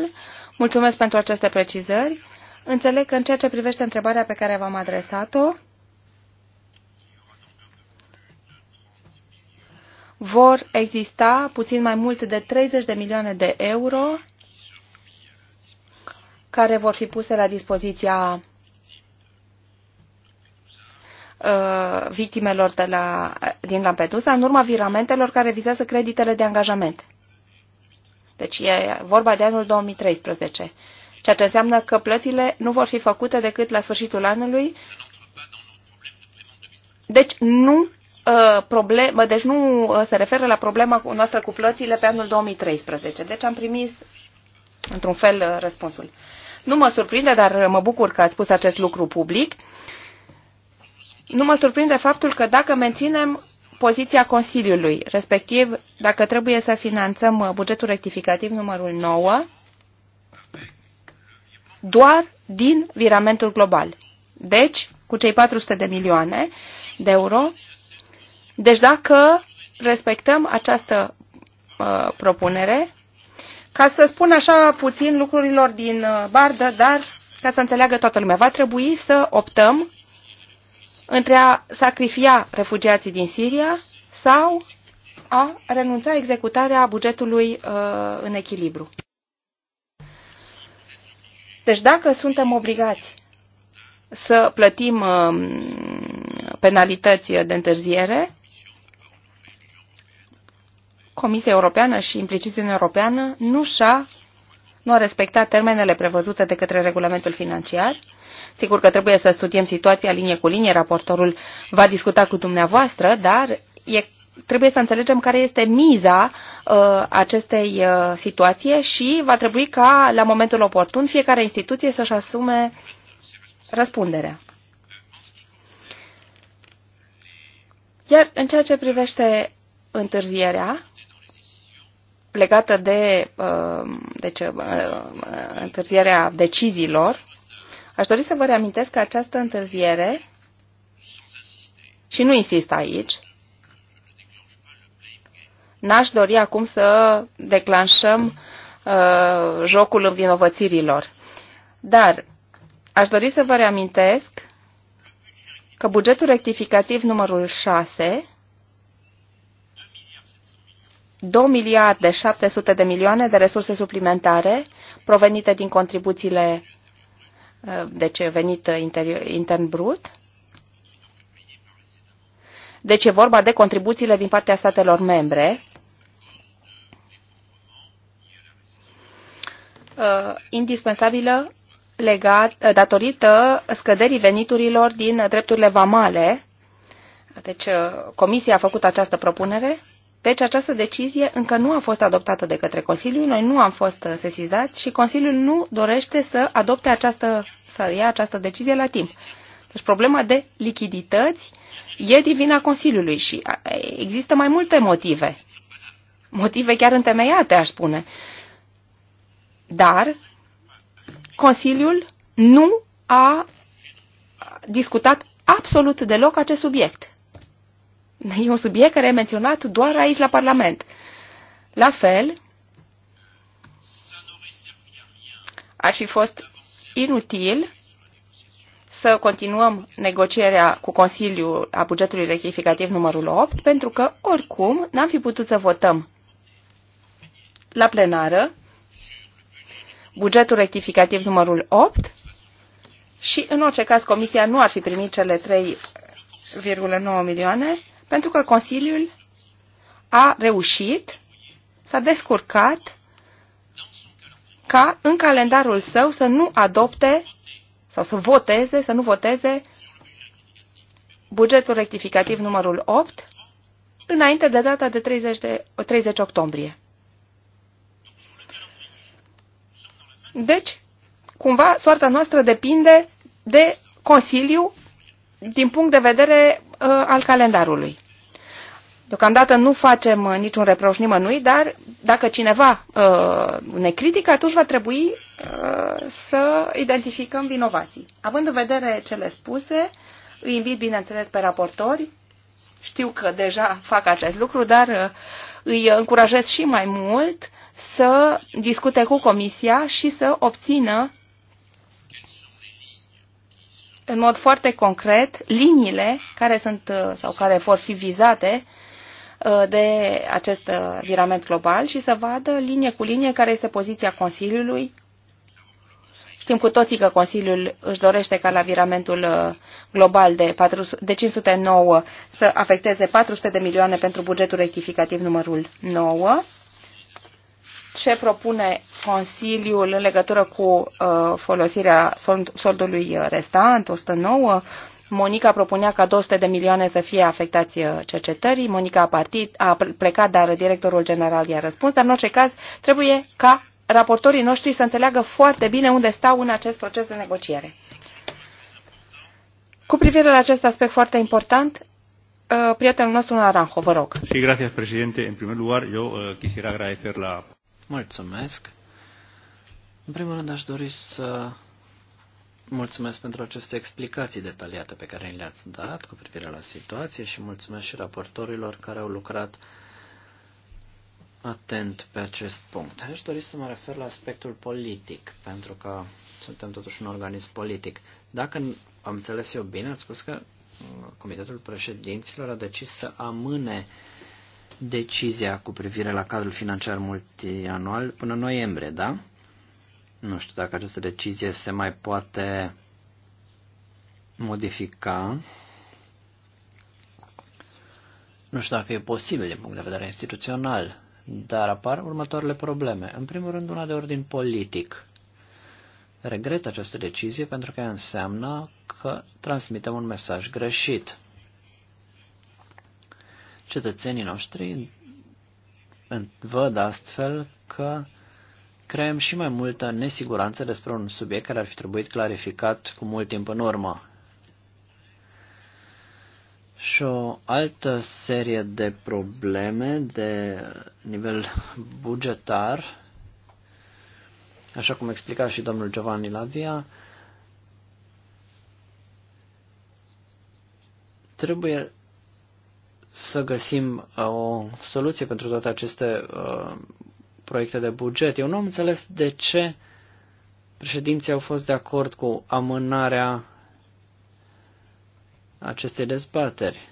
Mulțumesc pentru aceste precizări. Înțeleg că în ceea ce privește întrebarea pe care v-am adresat-o, vor exista puțin mai mult de 30 de milioane de euro care vor fi puse la dispoziția uh, victimelor de la, din Lampedusa în urma viramentelor care vizează creditele de angajament. Deci e vorba de anul 2013, ceea ce înseamnă că plățile nu vor fi făcute decât la sfârșitul anului. Deci nu, uh, problemă, deci nu uh, se referă la problema noastră cu plățile pe anul 2013. Deci am primit, într-un fel răspunsul. Nu mă surprinde, dar mă bucur că ați spus acest lucru public. Nu mă surprinde faptul că dacă menținem poziția Consiliului, respectiv dacă trebuie să finanțăm bugetul rectificativ numărul 9, doar din viramentul global. Deci, cu cei 400 de milioane de euro. Deci dacă respectăm această uh, propunere, ca să spun așa puțin lucrurilor din uh, bardă, dar ca să înțeleagă toată lumea, va trebui să optăm între a sacrifia refugiații din Siria sau a renunța executarea bugetului uh, în echilibru. Deci dacă suntem obligați să plătim uh, penalități de întârziere, Comisia Europeană și implicit Uniunea Europeană nu și-a nu a respectat termenele prevăzute de către regulamentul financiar. Sigur că trebuie să studiem situația linie cu linie, raportorul va discuta cu dumneavoastră, dar e, trebuie să înțelegem care este miza uh, acestei uh, situații și va trebui ca, la momentul oportun, fiecare instituție să-și asume răspunderea. Iar în ceea ce privește întârzierea, legată de uh, deci, uh, uh, întârzierea deciziilor, aș dori să vă reamintesc că această întârziere, și nu insist aici, n-aș dori acum să declanșăm uh, jocul învinovățirilor. Dar aș dori să vă reamintesc că bugetul rectificativ numărul 6 2 miliarde 700 de milioane de resurse suplimentare provenite din contribuțiile uh, deci venit intern brut. Deci e vorba de contribuțiile din partea statelor membre. Uh, indispensabilă legat, uh, datorită scăderii veniturilor din drepturile vamale. Deci Comisia a făcut această propunere deci această decizie încă nu a fost adoptată de către Consiliu, noi nu am fost uh, sesizați și Consiliul nu dorește să adopte această, să ia această decizie la timp. Deci problema de lichidități e divina Consiliului și există mai multe motive. Motive chiar întemeiate, aș spune. Dar Consiliul nu a discutat absolut deloc acest subiect. E un subiect care e menționat doar aici la Parlament. La fel, ar fi fost inutil să continuăm negocierea cu Consiliul a bugetului rectificativ numărul 8, pentru că, oricum, n-am fi putut să votăm la plenară bugetul rectificativ numărul 8 și, în orice caz, Comisia nu ar fi primit cele 3,9 milioane pentru că Consiliul a reușit, s-a descurcat ca în calendarul său să nu adopte sau să voteze, să nu voteze bugetul rectificativ numărul 8 înainte de data de 30, de, 30 octombrie. Deci, cumva, soarta noastră depinde de Consiliu din punct de vedere Uh, al calendarului. Deocamdată nu facem uh, niciun reproș nimănui, dar dacă cineva uh, ne critică, atunci va trebui să identificăm vinovații. Având în vedere cele spuse, îi invit, bineînțeles, pe raportori. Știu că deja fac acest lucru, dar îi încurajez și mai mult să discute cu Comisia și să obțină în mod foarte concret liniile care sunt uh, sau care vor fi vizate uh, de acest uh, virament global și să vadă linie cu linie care este poziția Consiliului. Știm cu toții că Consiliul își dorește ca la viramentul global de, de 509 să afecteze 400 de milioane pentru bugetul rectificativ numărul 9 ce propune Consiliul în legătură cu uh, folosirea soldului uh, restant, 109, Monica propunea ca 200 de milioane să fie afectați uh, cercetării. Monica a, partit, a plecat, dar directorul general i-a răspuns. Dar, în orice caz, trebuie ca raportorii noștri să înțeleagă foarte bine unde stau în acest proces de negociere. Cu privire la acest aspect foarte important, prietenul nostru Naranjo, vă rog. Sí, gracias, presidente. En primer lugar, yo uh, quisiera agradecer la... Mulțumesc. În primul rând aș dori să mulțumesc pentru aceste explicații detaliate pe care le-ați dat cu privire la situație și mulțumesc și raportorilor care au lucrat atent pe acest punct. Aș dori să mă refer la aspectul politic, pentru că suntem totuși un organism politic. Dacă am înțeles eu bine, ați spus că uh, Comitetul Președinților a decis să amâne uh, decizia cu privire la cadrul financiar multianual până noiembrie, da? Nu știu dacă această decizie se mai poate modifica. Nu știu dacă e posibil din punct de vedere instituțional, dar apar următoarele probleme. În primul rând, una de ordin politic. Regret această decizie pentru că ea înseamnă că transmitem un mesaj greșit. Cetățenii noștri văd astfel că creăm și mai multă nesiguranță despre un subiect care ar fi trebuit clarificat cu mult timp în urmă. Și o altă serie de probleme de nivel bugetar, așa cum explica și domnul Giovanni Lavia, trebuie să găsim uh, o soluție pentru toate aceste uh, proiecte de buget. Eu nu am înțeles de ce președinții au fost de acord cu amânarea acestei dezbateri.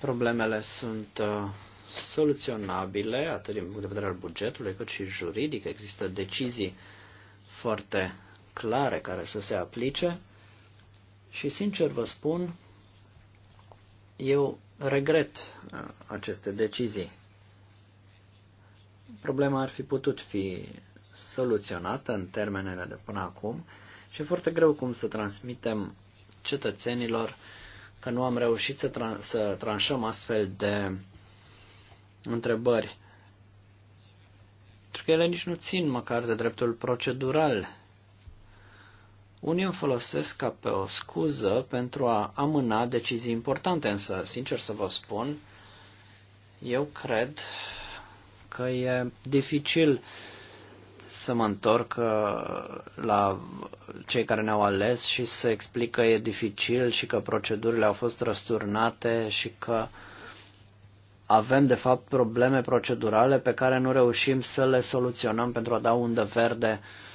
Problemele sunt uh, soluționabile, atât din punct de vedere al bugetului, cât și juridic. Există decizii foarte clare care să se aplice și sincer vă spun, eu regret uh, aceste decizii. Problema ar fi putut fi soluționată în termenele de până acum și e foarte greu cum să transmitem cetățenilor că nu am reușit să, tra- să tranșăm astfel de întrebări. Pentru că ele nici nu țin măcar de dreptul procedural unii o folosesc ca pe o scuză pentru a amâna decizii importante, însă, sincer să vă spun, eu cred că e dificil să mă întorc uh, la cei care ne-au ales și să explic că e dificil și că procedurile au fost răsturnate și că avem, de fapt, probleme procedurale pe care nu reușim să le soluționăm pentru a da undă verde uh,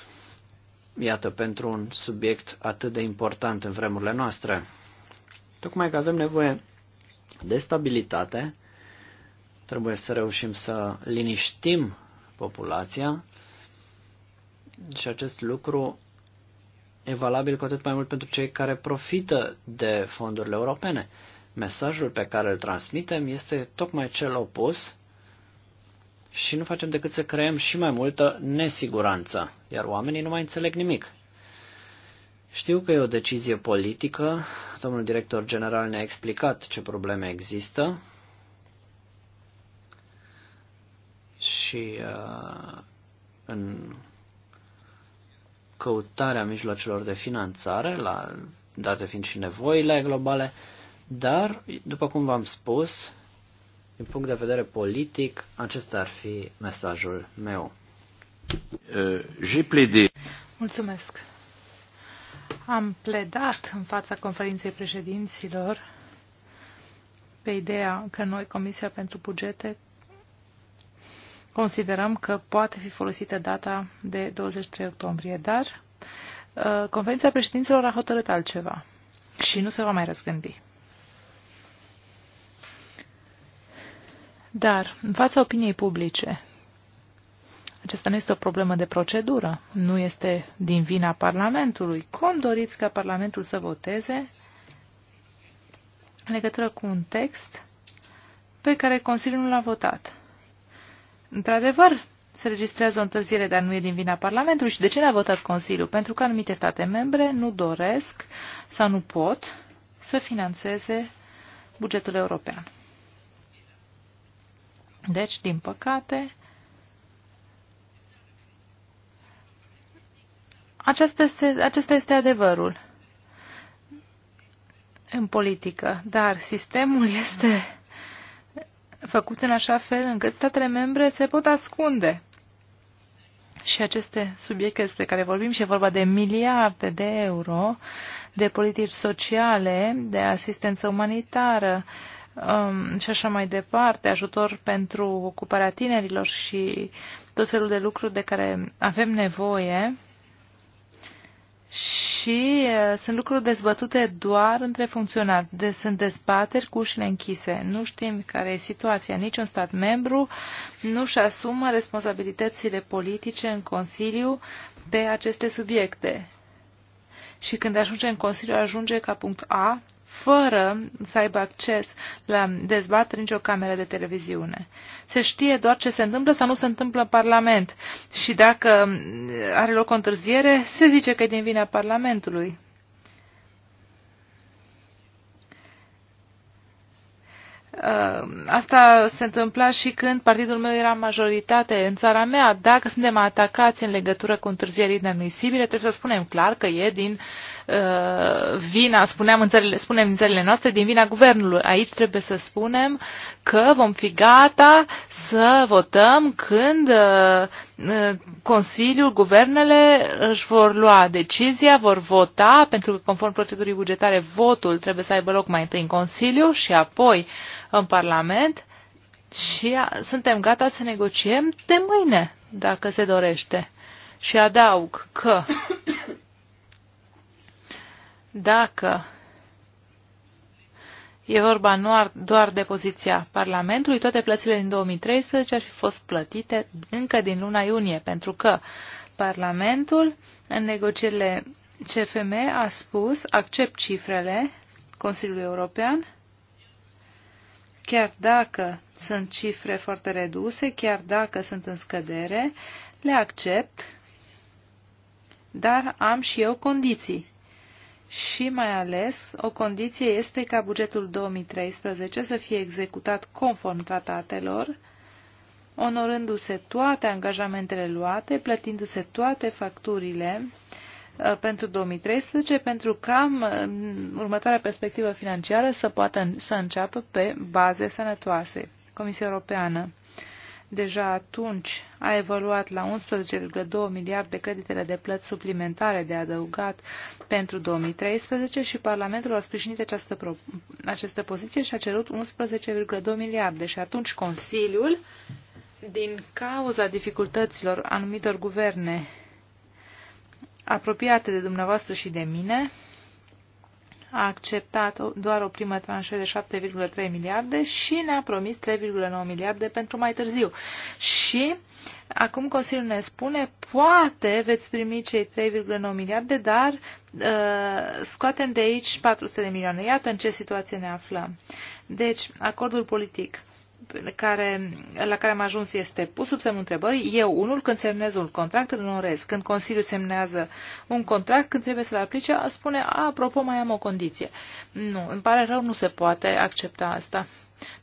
Iată, pentru un subiect atât de important în vremurile noastre. Tocmai că avem nevoie de stabilitate, trebuie să reușim să liniștim populația și acest lucru e valabil cu atât mai mult pentru cei care profită de fondurile europene. Mesajul pe care îl transmitem este tocmai cel opus și nu facem decât să creăm și mai multă nesiguranță, iar oamenii nu mai înțeleg nimic. Știu că e o decizie politică, domnul director general ne-a explicat ce probleme există și uh, în căutarea mijloacelor de finanțare, la date fiind și nevoile globale, dar, după cum v-am spus, din punct de vedere politic, acesta ar fi mesajul meu. Uh, pledé. Mulțumesc. Am pledat în fața conferinței președinților pe ideea că noi, Comisia pentru Bugete, considerăm că poate fi folosită data de 23 octombrie, dar uh, conferința președinților a hotărât altceva și nu se va mai răzgândi. Dar, în fața opiniei publice, acesta nu este o problemă de procedură, nu este din vina Parlamentului. Cum doriți ca Parlamentul să voteze în legătură cu un text pe care Consiliul nu l-a votat? Într-adevăr, se registrează o întârziere, dar nu e din vina Parlamentului. Și de ce n-a votat Consiliul? Pentru că anumite state membre nu doresc sau nu pot să financeze bugetul european. Deci, din păcate, acesta este, acesta este adevărul în politică, dar sistemul este făcut în așa fel încât statele membre se pot ascunde. Și aceste subiecte despre care vorbim, și e vorba de miliarde de euro, de politici sociale, de asistență umanitară, uh, um, și așa mai departe, ajutor pentru ocuparea tinerilor și tot felul de lucruri de care avem nevoie. Și uh, sunt lucruri dezbătute doar între funcționari. De, sunt dezbateri cu ușile închise. Nu știm care e situația. Niciun stat membru nu își asumă responsabilitățile politice în Consiliu pe aceste subiecte. Și când ajunge în Consiliu, ajunge ca punct A fără să aibă acces la dezbatere nicio cameră de televiziune. Se știe doar ce se întâmplă sau nu se întâmplă în Parlament și dacă are loc o întârziere, se zice că e din vina Parlamentului. Uh, asta se întâmpla și când partidul meu era majoritate în țara mea. Dacă suntem atacați în legătură cu întârzieri inadmisibile, trebuie să spunem clar că e din uh, vina, spuneam în țările, spunem în țările noastre, din vina guvernului. Aici trebuie să spunem că vom fi gata să votăm când uh, Consiliul, guvernele își vor lua decizia, vor vota, pentru că conform procedurii bugetare votul trebuie să aibă loc mai întâi în Consiliu și apoi în Parlament și suntem gata să negociem de mâine, dacă se dorește. Și adaug că dacă e vorba nu doar de poziția Parlamentului, toate plățile din 2013 ar fi fost plătite încă din luna iunie, pentru că Parlamentul, în negocierile CFM, a spus, accept cifrele Consiliului European, Chiar dacă sunt cifre foarte reduse, chiar dacă sunt în scădere, le accept, dar am și eu condiții. Și mai ales, o condiție este ca bugetul 2013 să fie executat conform tratatelor, onorându-se toate angajamentele luate, plătindu-se toate facturile Uh, pentru 2013 pentru ca um, următoarea perspectivă financiară să poată să înceapă pe baze sănătoase. Comisia Europeană deja atunci a evaluat la 11,2 miliarde creditele de plăți suplimentare de adăugat pentru 2013 și Parlamentul a sprijinit această, pro... această poziție și a cerut 11,2 miliarde și atunci Consiliul, din cauza dificultăților anumitor guverne apropiate de dumneavoastră și de mine, a acceptat doar o primă tranșă de 7,3 miliarde și ne-a promis 3,9 miliarde pentru mai târziu. Și acum Consiliul ne spune, poate veți primi cei 3,9 miliarde, dar uh, scoatem de aici 400 de milioane. Iată în ce situație ne aflăm. Deci, acordul politic care, la care am ajuns este pus sub semnul întrebării. Eu, unul, când semnez un contract, îl onorez. Când Consiliul semnează un contract, când trebuie să-l aplice, spune, a, apropo, mai am o condiție. Nu, îmi pare rău, nu se poate accepta asta.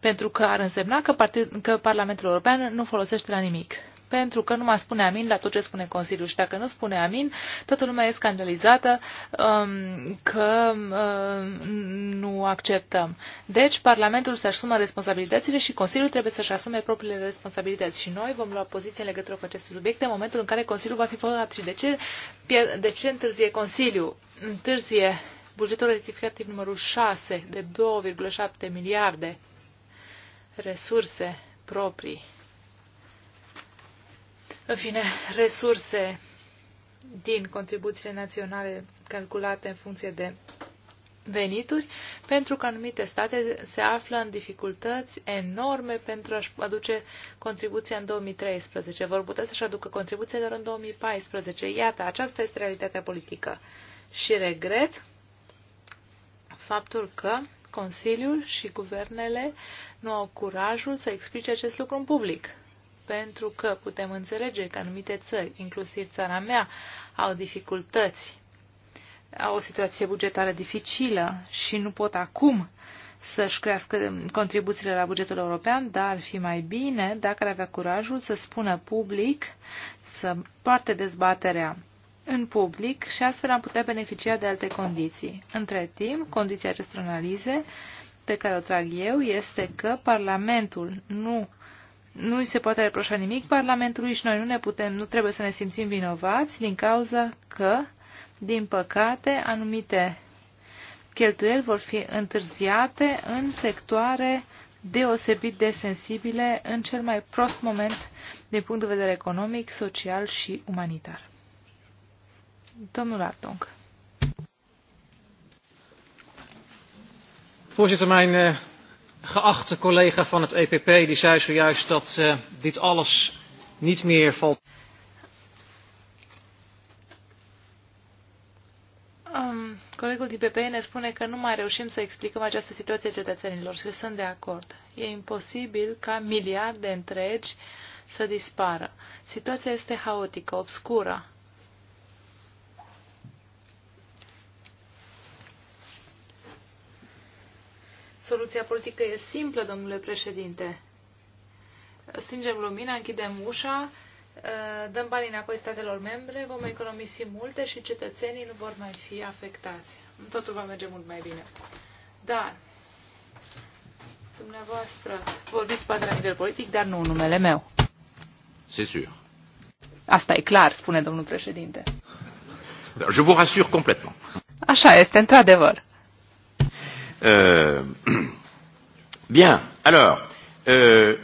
Pentru că ar însemna că, partid, că Parlamentul European nu folosește la nimic pentru că nu mai spune amin la tot ce spune Consiliul. Și dacă nu spune amin, toată lumea e scandalizată um, că um, nu acceptăm. Deci, Parlamentul își asumă responsabilitățile și Consiliul trebuie să-și asume propriile responsabilități. Și noi vom lua poziție în legătură cu acest subiect în momentul în care Consiliul va fi format. Și de ce, de ce întârzie Consiliul? Întârzie bugetul rectificativ numărul 6 de 2,7 miliarde resurse proprii în fine, resurse din contribuțiile naționale calculate în funcție de venituri, pentru că anumite state se află în dificultăți enorme pentru a-și aduce contribuția în 2013. Vor putea să-și aducă contribuția doar în 2014. Iată, aceasta este realitatea politică. Și regret faptul că Consiliul și guvernele nu au curajul să explice acest lucru în public pentru că putem înțelege că anumite țări, inclusiv țara mea, au dificultăți, au o situație bugetară dificilă și nu pot acum să-și crească contribuțiile la bugetul european, dar ar fi mai bine dacă ar avea curajul să spună public, să poarte dezbaterea în public și astfel am putea beneficia de alte condiții. Între timp, condiția acestor analize pe care o trag eu este că Parlamentul nu uh, nu îi se poate reproșa nimic Parlamentului și noi nu ne putem, nu trebuie să ne simțim vinovați din cauza că, din păcate, anumite cheltuieli vor fi întârziate în sectoare deosebit de sensibile în cel mai prost moment din punct de vedere economic, social și umanitar. Domnul Artong. Voorzitter, mijn eh, geachte collega van het EPP die zei zojuist dat uh, dit alles niet meer valt. Um, colegul din PP ne spune că nu mai reușim să explicăm această situație cetățenilor și sunt de acord. E imposibil ca miliarde întregi să dispară. Situația este haotică, obscură. Soluția politică e simplă, domnule președinte. Stingem lumina, închidem ușa, eh, dăm banii înapoi statelor membre, vom economisi multe și cetățenii nu vor mai fi afectați. Totul va merge mult mai bine. Dar, dumneavoastră, vorbiți poate la nivel politic, dar nu numele meu. Sigur. Asta e clar, spune domnul președinte. Je vous rassure complètement. Așa este, într-adevăr. Euh, bien, alors, euh,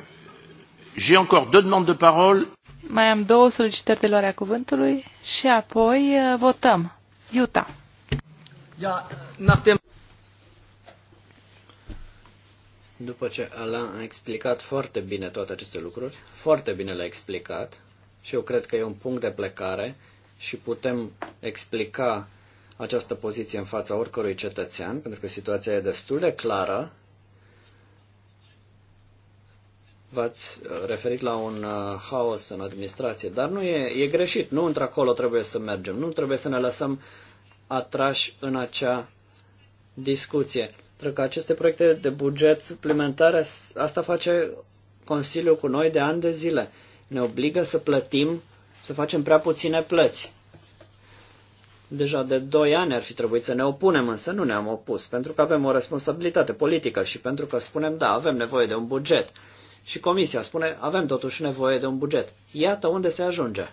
j'ai encore deux demandes de parole. Mai am două solicitări de a cuvântului și apoi uh, votăm. Iuta. După ce Alain a explicat foarte bine toate aceste lucruri, foarte bine le-a explicat și eu cred că e un punct de plecare și putem explica această poziție în fața oricărui cetățean, pentru că situația e destul de clară. V-ați uh, referit la un uh, haos în administrație, dar nu e, e greșit, nu într-acolo trebuie să mergem, nu trebuie să ne lăsăm atrași în acea discuție. Pentru că aceste proiecte de buget suplimentare, asta face Consiliul cu noi de ani de zile. Ne obligă să plătim, să facem prea puține plăți. Deja de doi ani ar fi trebuit să ne opunem, însă nu ne-am opus, pentru că avem o responsabilitate politică și pentru că spunem, da, avem nevoie de un buget. Și Comisia spune, avem totuși nevoie de un buget. Iată unde se ajunge.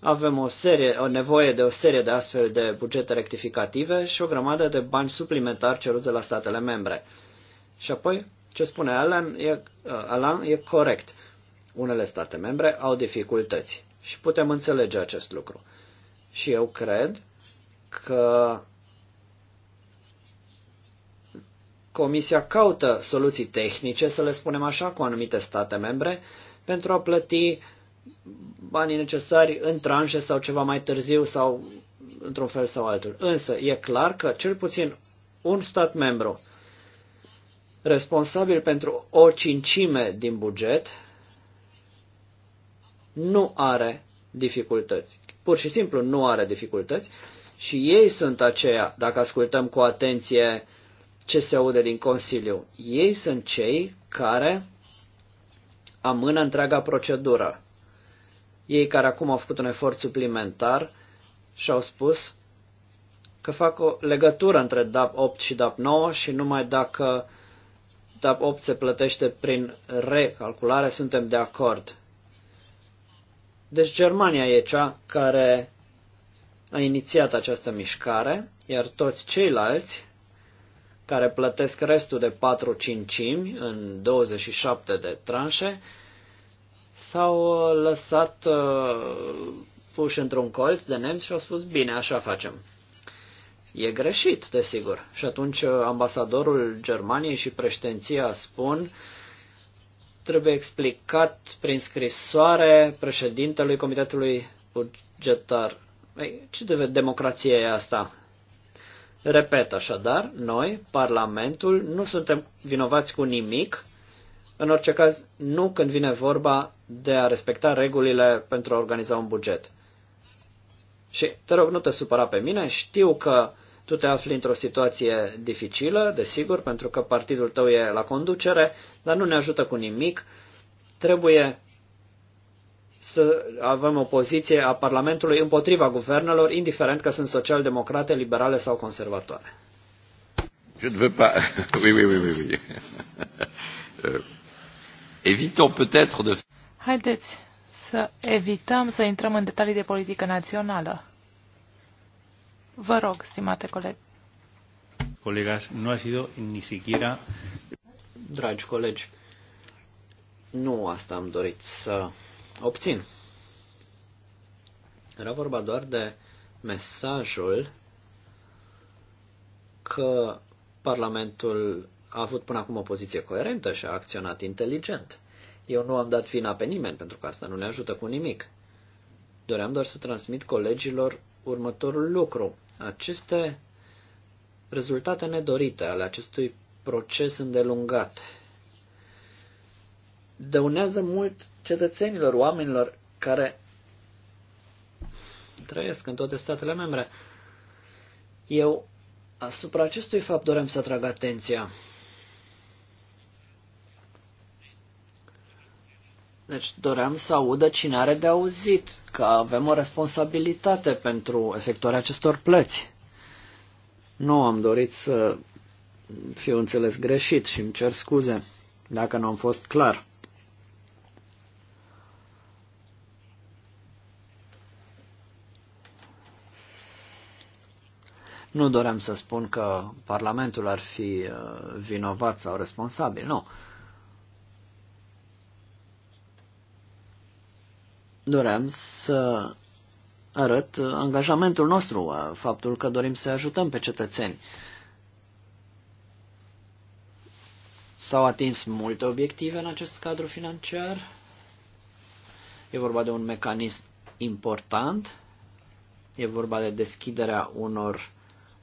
Avem o, serie, o nevoie de o serie de astfel de bugete rectificative și o grămadă de bani suplimentari ceruți de la statele membre. Și apoi, ce spune Alan e, uh, Alan e corect. Unele state membre au dificultăți. Și putem înțelege acest lucru. Și eu cred că Comisia caută soluții tehnice, să le spunem așa, cu anumite state membre, pentru a plăti banii necesari în tranșe sau ceva mai târziu sau într-un fel sau altul. Însă e clar că cel puțin un stat membru responsabil pentru o cincime din buget nu are dificultăți. Pur și simplu nu are dificultăți și ei sunt aceia, dacă ascultăm cu atenție ce se aude din Consiliu, ei sunt cei care amână întreaga procedură. Ei care acum au făcut un efort suplimentar și au spus că fac o legătură între DAP 8 și DAP 9 și numai dacă DAP 8 se plătește prin recalculare, suntem de acord. Deci Germania e cea care a inițiat această mișcare, iar toți ceilalți care plătesc restul de 4 cincimi în 27 de tranșe s-au uh, lăsat uh, puși într-un colț de nemți și au spus, bine, așa facem. E greșit, desigur. Și atunci uh, ambasadorul Germaniei și preștenția spun, uh, trebuie explicat prin scrisoare președintelui Comitetului Bugetar. Ei, ce de democrație e asta? Repet așadar, noi, Parlamentul, nu suntem vinovați cu nimic, în orice caz nu când vine vorba de a respecta regulile pentru a organiza un buget. Și te rog, nu te supăra pe mine, știu că tu te afli într-o situație dificilă, desigur, pentru că partidul tău e la conducere, dar nu ne ajută cu nimic. Trebuie să avem o poziție a Parlamentului împotriva guvernelor, indiferent că sunt social-democrate, liberale sau conservatoare. Je ne veux pas. Oui, oui, oui, oui. oui. Euh, évitons peut-être de. Haideți să evităm să intrăm în detalii de politică națională. Vă rog, stimate coleg. Colegas, nu a sido ni siquiera... Dragi colegi, nu asta am dorit să obțin. Era vorba doar de mesajul că Parlamentul a avut până acum o poziție coerentă și a acționat inteligent. Eu nu am dat vina pe nimeni, pentru că asta nu ne ajută cu nimic. Doream doar să transmit colegilor următorul lucru. Aceste rezultate nedorite ale acestui proces îndelungat dăunează mult cetățenilor, oamenilor care trăiesc în toate statele membre. Eu asupra acestui fapt dorem să atrag atenția. Deci doream să audă cine are de auzit, că avem o responsabilitate pentru efectuarea acestor plăți. Nu am dorit să fiu înțeles greșit și îmi cer scuze dacă nu am fost clar. Nu doream să spun că Parlamentul ar fi uh, vinovat sau responsabil, nu. doream să arăt angajamentul nostru, faptul că dorim să ajutăm pe cetățeni. S-au atins multe obiective în acest cadru financiar. E vorba de un mecanism important. E vorba de deschiderea unor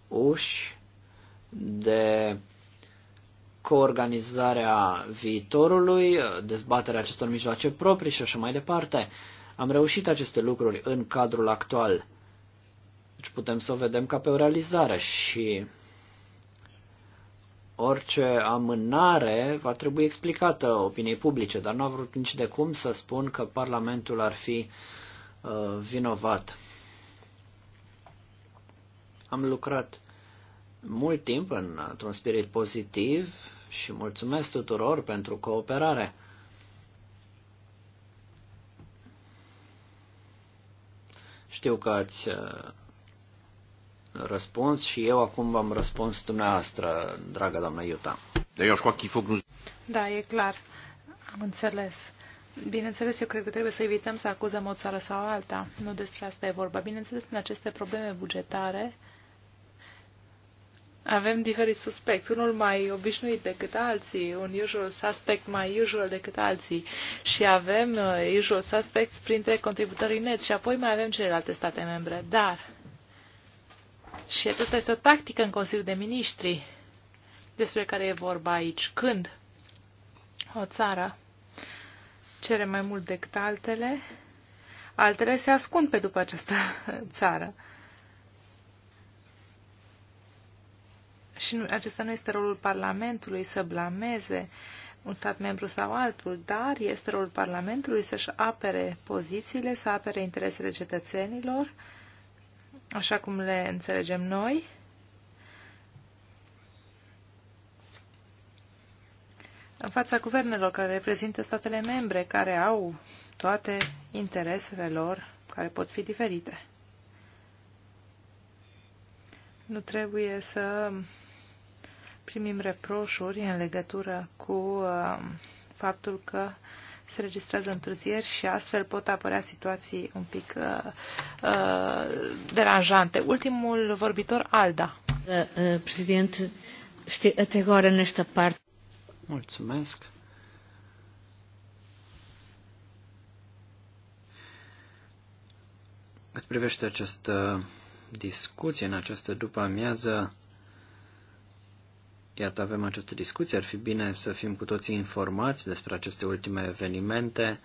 uși, de coorganizarea viitorului, dezbaterea acestor mijloace proprii și așa mai departe. Am reușit aceste lucruri în cadrul actual. Deci putem să o vedem ca pe o realizare și orice amânare va trebui explicată opiniei publice, dar nu a vrut nici de cum să spun că Parlamentul ar fi uh, vinovat. Am lucrat mult timp într-un spirit pozitiv și mulțumesc tuturor pentru cooperare. știu că ați uh, răspuns și eu acum v-am răspuns dumneavoastră, dragă doamnă Iuta. Da, e clar. Am înțeles. Bineînțeles, eu cred că trebuie să evităm să acuzăm o țară sau alta. Nu despre asta e vorba. Bineînțeles, în aceste probleme bugetare, avem diferiți suspecti, unul mai obișnuit decât alții, un usual suspect mai usual decât alții și avem uh, usual suspects printre contributorii net și apoi mai avem celelalte state membre. Dar, și aceasta este o tactică în Consiliul de Ministri despre care e vorba aici, când o țară cere mai mult decât altele, altele se ascund pe după această țară. și nu, acesta nu este rolul Parlamentului să blameze un stat membru sau altul, dar este rolul Parlamentului să-și apere pozițiile, să apere interesele cetățenilor, așa cum le înțelegem noi. În fața guvernelor care reprezintă statele membre, care au toate interesele lor, care pot fi diferite. Nu trebuie să primim reproșuri în legătură cu uh, faptul că se registrează întârzieri și astfel pot apărea situații un pic uh, uh, deranjante. Ultimul vorbitor, Alda. Uh, uh, Președinte, até agora nesta parte. Mulțumesc. Cât privește această discuție în această după amiază, iată, avem această discuție, ar fi bine să fim cu toții informați despre aceste ultime evenimente.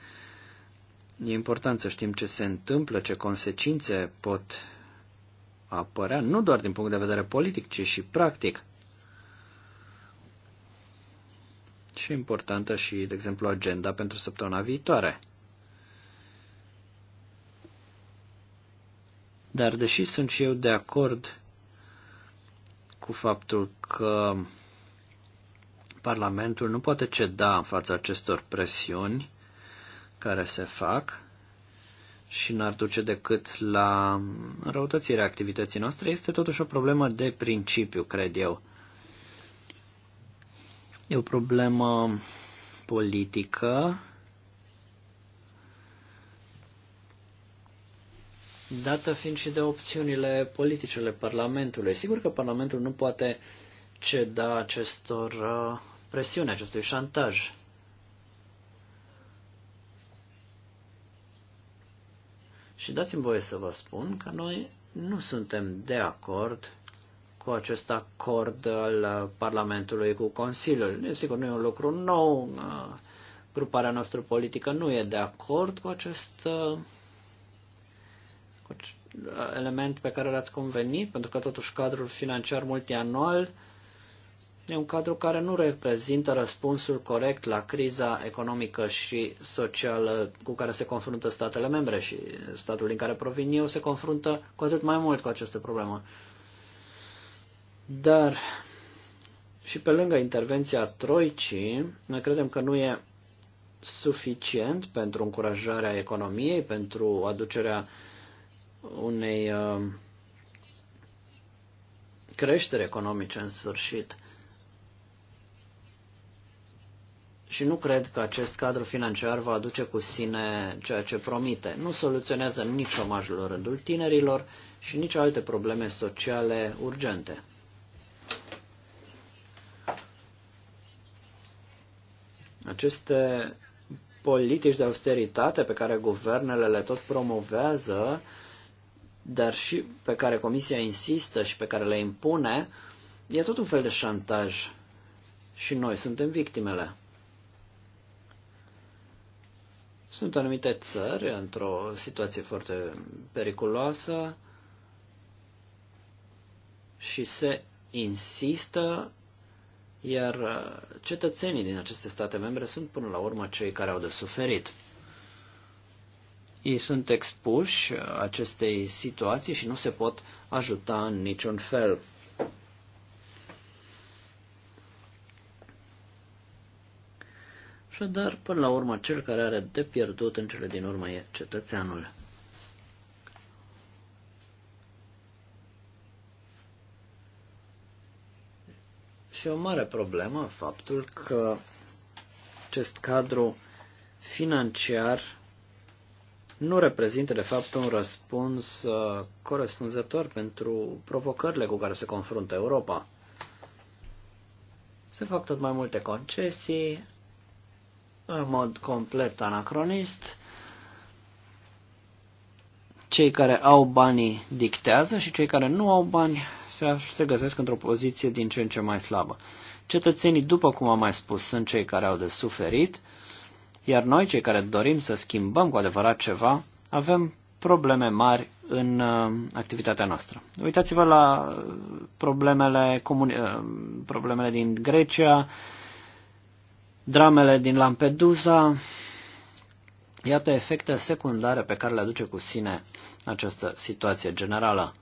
E important să știm ce se întâmplă, ce consecințe pot apărea, nu doar din punct de vedere politic, ci și practic. Și importantă și, de exemplu, agenda pentru săptămâna viitoare. Dar deși sunt și eu de acord cu faptul că Parlamentul nu poate ceda în fața acestor presiuni care se fac și n-ar duce decât la răutățirea activității noastre, este totuși o problemă de principiu, cred eu. E o problemă politică, dată fiind și de opțiunile politice ale Parlamentului. Sigur că Parlamentul nu poate ceda acestor uh, presiune, acestui șantaj. Și dați-mi voie să vă spun că noi nu suntem de acord cu acest acord al Parlamentului cu Consiliul. Sigur, nu e un lucru nou. Gruparea noastră politică nu e de acord cu acest element pe care l-ați convenit, pentru că totuși cadrul financiar multianual uh, E un cadru care nu reprezintă răspunsul corect la criza economică și socială cu care se confruntă statele membre și statul din care provin eu se confruntă cu atât mai mult cu această problemă. Dar și pe lângă intervenția Troicii, noi credem că nu e suficient pentru încurajarea economiei, pentru aducerea unei uh, creșteri economice în sfârșit. și nu cred că acest cadru financiar va aduce cu sine ceea ce promite. Nu soluționează nici omajul în rândul tinerilor și nici alte probleme sociale urgente. Aceste politici de austeritate pe care guvernele le tot promovează, dar și pe care Comisia insistă și pe care le impune, e tot un fel de șantaj. Și noi suntem victimele. Sunt anumite țări într-o situație foarte periculoasă și se insistă, iar uh, cetățenii din aceste state membre sunt până la urmă cei care au de suferit. Ei sunt expuși acestei situații și nu se pot ajuta în niciun fel. Și dar, până la urmă, cel care are de pierdut în cele din urmă e cetățeanul. Și o mare problemă faptul că acest cadru financiar nu reprezintă, de fapt, un răspuns uh, corespunzător pentru provocările cu care se confruntă Europa. Se fac tot mai multe concesii, în mod complet anacronist. Cei care au banii dictează și cei care nu au bani se, se găsesc într-o poziție din ce în ce mai slabă. Cetățenii, după cum am mai spus, sunt cei care au de suferit, iar noi, cei care dorim să schimbăm cu adevărat ceva, avem probleme mari în uh, activitatea noastră. Uitați-vă la uh, problemele, comuni- uh, problemele din Grecia, dramele din Lampedusa, iată efecte secundare pe care le aduce cu sine această situație generală.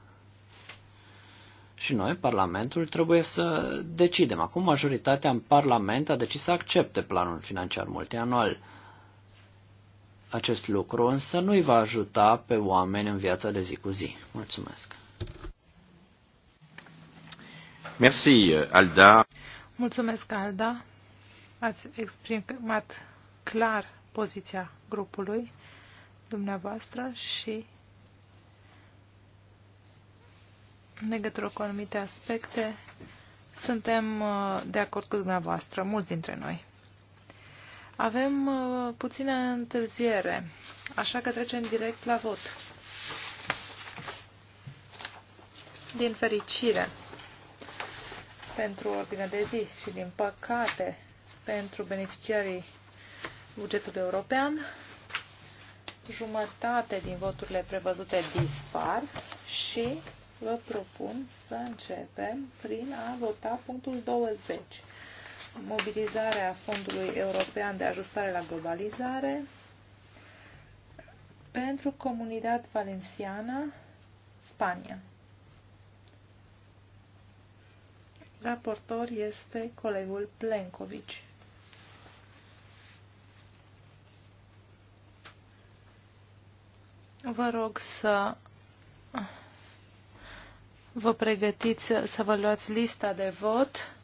Și noi, Parlamentul, trebuie să decidem. Acum majoritatea în Parlament a decis să accepte planul financiar multianual. Acest lucru însă nu îi va ajuta pe oameni în viața de zi cu zi. Mulțumesc. Merci, Alda. Mulțumesc, Alda. Ați exprimat clar poziția grupului dumneavoastră și în legătură cu anumite aspecte suntem uh, de acord cu dumneavoastră, mulți dintre noi. Avem uh, puțină întârziere, așa că trecem direct la vot. Din fericire pentru ordinea de zi și din păcate pentru beneficiarii bugetului european. Jumătate din voturile prevăzute dispar și vă propun să începem prin a vota punctul 20. Mobilizarea Fondului European de Ajustare la Globalizare pentru Comunitate Valenciană, Spania. Raportor este colegul Plenkovici. Vă rog să vă pregătiți să vă luați lista de vot.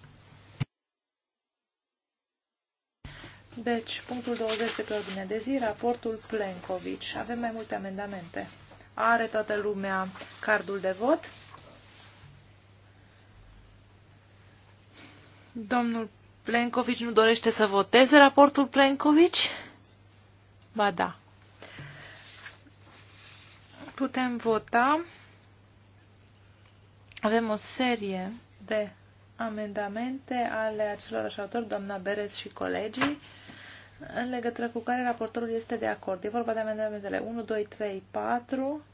Deci, punctul 20 de pe ordine de zi, raportul Plenković, Avem mai multe amendamente. Are toată lumea cardul de vot? Domnul Plenković nu dorește să voteze raportul Plenković? Ba da. Putem vota. Avem o serie de amendamente ale acelorași autori, doamna Berez și colegii, în legătură cu care raportorul este de acord. E vorba de amendamentele 1, 2, 3, 4,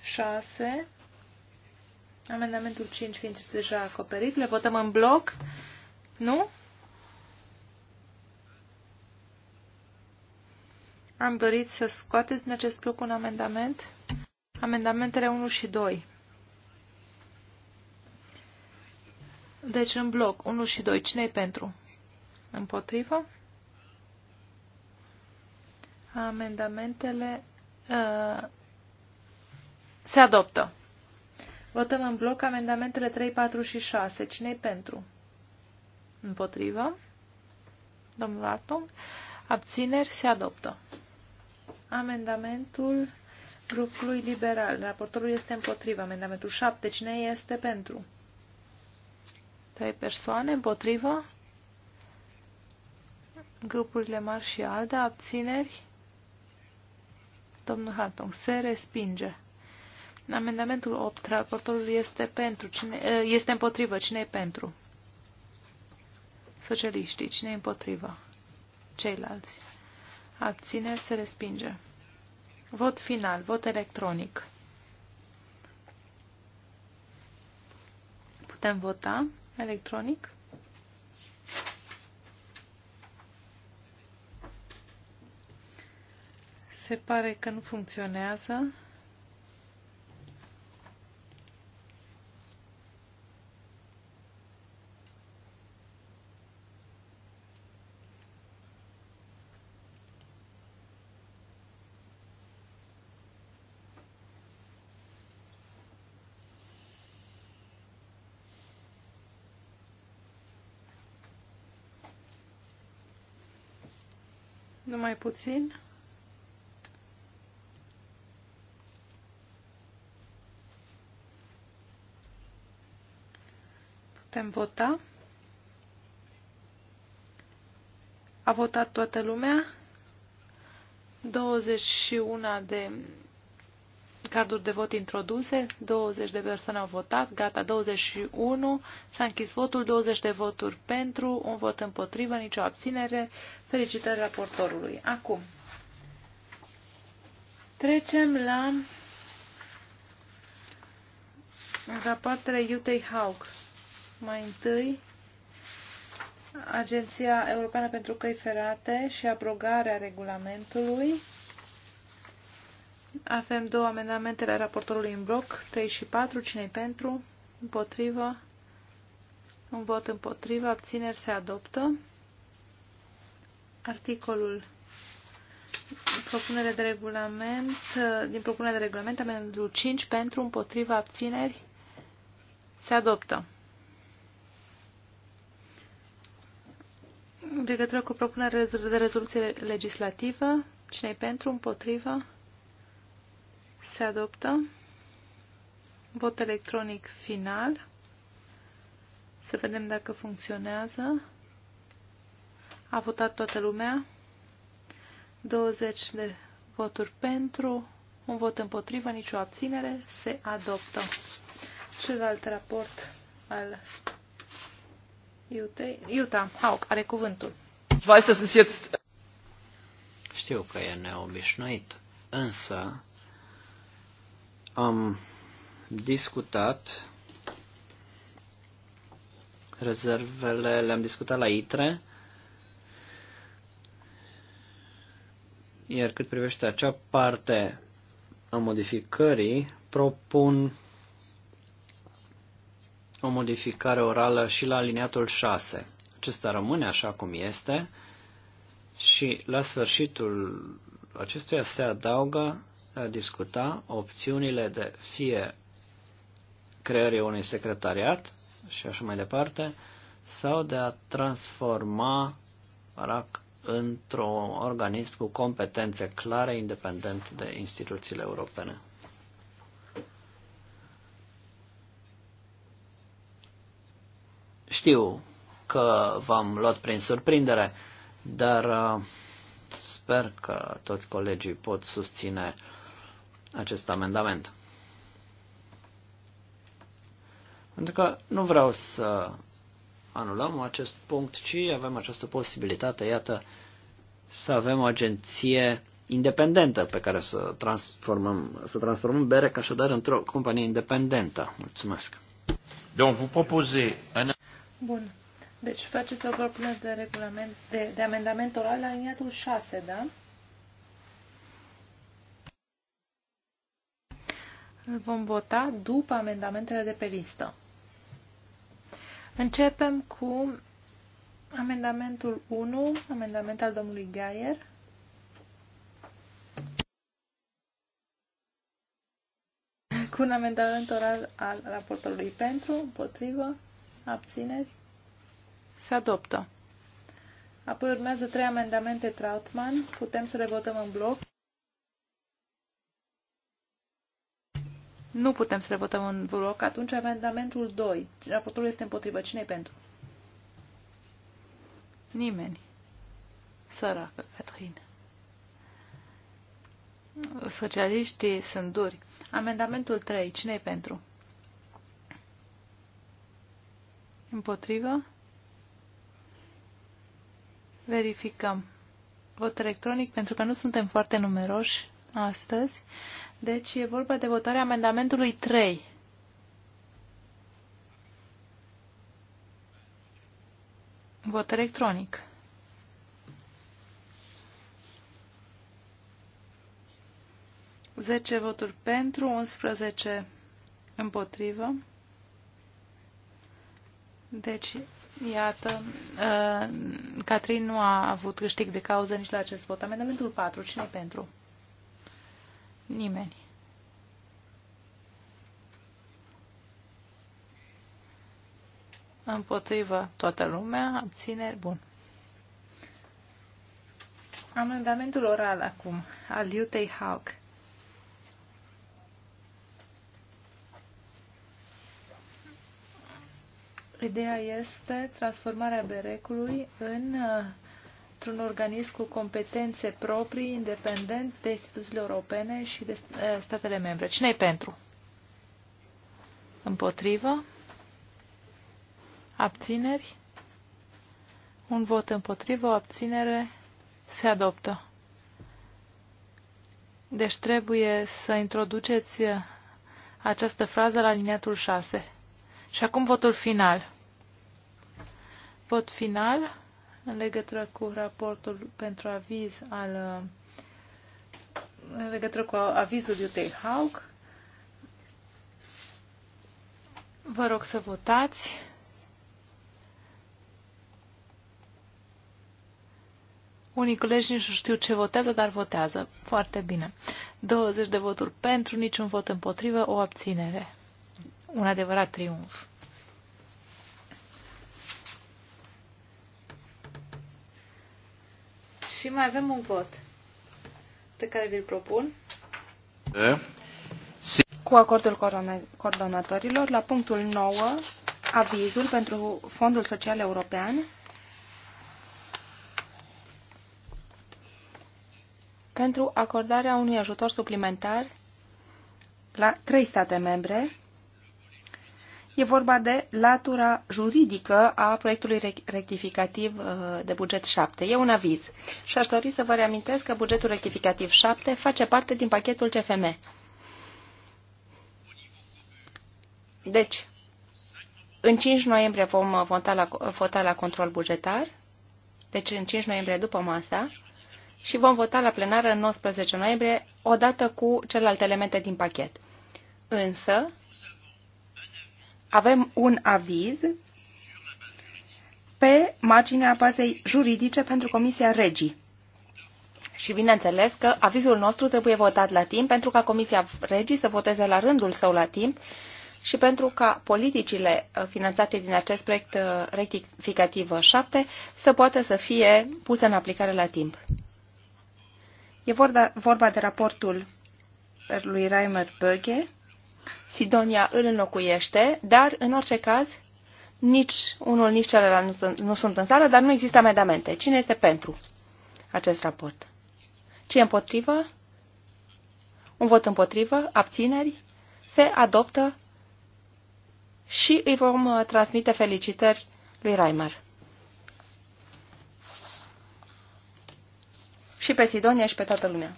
6, amendamentul 5 fiind deja acoperit. Le votăm în bloc, nu? Am dorit să scoateți în acest bloc un amendament, amendamentele 1 și 2. Deci în bloc 1 și 2, cine-i pentru? Împotrivă? Amendamentele uh, se adoptă. Votăm în bloc amendamentele 3, 4 și 6. Cine-i pentru? Împotrivă? Domnul Artung? Abțineri se adoptă amendamentul grupului liberal. Raportorul este împotriva. Amendamentul 7. Cine este pentru? Trei persoane împotriva Grupurile mari și alte. Abțineri. Domnul Hartong se respinge. Amendamentul 8. Raportorul este pentru. Cine, este împotrivă. Cine e pentru? Socialiștii. Cine e împotrivă? Ceilalți. Abțineri se respinge. Vot final, vot electronic. Putem vota electronic? Se pare că nu funcționează. mai puțin. Putem vota. A votat toată lumea. 21 de carduri de vot introduse, 20 de persoane au votat, gata, 21, s-a închis votul, 20 de voturi pentru, un vot împotrivă, nicio abținere. Felicitări raportorului. Acum, trecem la rapoartele Utei Haug. Mai întâi, Agenția Europeană pentru Căi Ferate și abrogarea regulamentului avem două amendamente la raportorului în bloc, 3 și 4. Cine-i pentru? Împotrivă? Un vot împotrivă. Abțineri se adoptă. Articolul propunere de regulament, din propunerea de regulament, amendamentul 5 pentru împotriva abțineri se adoptă. În legătură cu propunerea de rezoluție legislativă, cine pentru, împotriva, se adoptă. Vot electronic final. Să vedem dacă funcționează. A votat toată lumea. 20 de voturi pentru, un vot împotrivă, nicio abținere. Se adoptă. Celălalt raport al Iutei. Iuta, Hauk, are cuvântul. Știu că e neobișnuit, însă am discutat rezervele, le-am discutat la ITRE, iar cât privește acea parte a modificării, propun o modificare orală și la aliniatul 6. Acesta rămâne așa cum este și la sfârșitul acestuia se adaugă discuta opțiunile de fie creării unui secretariat și așa mai departe, sau de a transforma RAC într-un organism cu competențe clare, independent de instituțiile europene. Știu că v-am luat prin surprindere, dar uh, sper că toți colegii pot susține uh, acest amendament. Pentru că nu vreau să anulăm acest punct, ci avem această posibilitate, iată, să avem o agenție independentă pe care să transformăm, să transformăm BEREC așadar într-o companie independentă. Mulțumesc. Donc, vous proposez un... Bun. Deci faceți o propunere de regulament, de, de amendament oral la liniatul 6, da? Îl vom vota după amendamentele de pe listă. Începem cu amendamentul 1, amendament al domnului Gaier. Cu un amendament oral al raportului pentru, împotrivă, abțineri, se adoptă. Apoi urmează trei amendamente Trautmann. Putem să le votăm în bloc. Nu putem să le votăm în bloc. Atunci amendamentul 2. Raportul este împotrivă. cine pentru? Nimeni. Săracă, Catherine. Socialiștii sunt duri. Amendamentul 3. cine pentru? Împotrivă? Verificăm. Vot electronic pentru că nu suntem foarte numeroși astăzi. Deci e vorba de votarea amendamentului 3. Vot electronic. Zece voturi pentru, 11 împotrivă. Deci, iată, uh, Catrin nu a avut câștig de cauză nici la acest vot. Amendamentul 4, cine pentru? Nimeni. Împotrivă toată lumea, abțineri, bun. Amendamentul oral acum, al Iutei Haug. Ideea este transformarea berecului în uh, într-un organism cu competențe proprii, independent de instituțiile europene și de eh, statele membre. cine e pentru? Împotrivă? Abțineri? Un vot împotrivă, o abținere se adoptă. Deci trebuie să introduceți eh, această frază la liniatul 6. Și acum votul final. Vot final în legătură cu raportul pentru aviz al în legătură cu avizul Iutei Hauk. Vă rog să votați. Unii colegi nici nu știu ce votează, dar votează. Foarte bine. 20 de voturi pentru, niciun vot împotrivă, o abținere. Un adevărat triumf. Și mai avem un vot pe care vi-l propun. Cu acordul coordonatorilor, la punctul 9, avizul pentru Fondul Social European pentru acordarea unui ajutor suplimentar la trei state membre E vorba de latura juridică a proiectului rectificativ uh, de buget 7. E un aviz și aș dori să vă reamintesc că bugetul rectificativ 7 face parte din pachetul CFM. Deci, în 5 noiembrie vom uh, vota la, vota la control bugetar, deci în 5 noiembrie după masa, și vom vota la plenară în 19 noiembrie, odată cu celelalte elemente din pachet. Însă, avem un aviz pe marginea bazei juridice pentru Comisia Regii. Și bineînțeles că avizul nostru trebuie votat la timp pentru ca Comisia Regii să voteze la rândul său la timp și pentru ca politicile uh, finanțate din acest proiect uh, rectificativ 7 să poată să fie puse în aplicare la timp. E vorba de raportul lui Reimer Böge, Sidonia îl înlocuiește, dar, în orice caz, nici unul, nici celălalt nu sunt, nu sunt în sală, dar nu există amendamente. Cine este pentru acest raport? Ce împotrivă? Un vot împotrivă? Abțineri? Se adoptă și îi vom uh, transmite felicitări lui Reimer. Și pe Sidonia și pe toată lumea.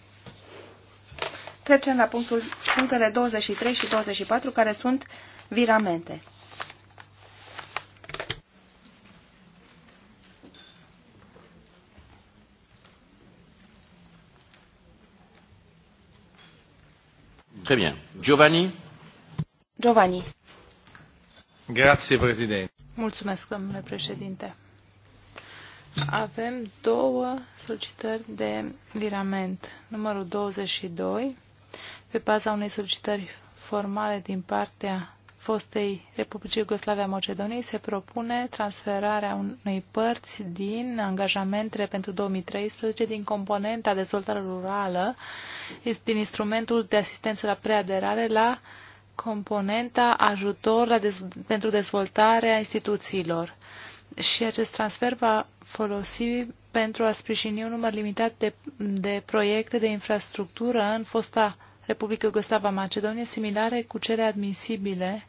Trecem la punctul, punctele 23 și 24, care sunt viramente. Très bien. Giovanni? Giovanni. Grazie, Presidente. Mulțumesc, domnule președinte. Avem două solicitări de virament. Numărul 22 pe baza unei solicitări formale din partea fostei Republicii Iugoslavia Macedoniei se propune transferarea unei părți din angajamentele pentru 2013 din componenta dezvoltare rurală din instrumentul de asistență la preaderare la componenta ajutor la dez pentru dezvoltarea instituțiilor. Și acest transfer va folosi pentru a sprijini un număr limitat de, de proiecte de infrastructură în fosta Republică Iugoslava Macedonie, similare cu cele admisibile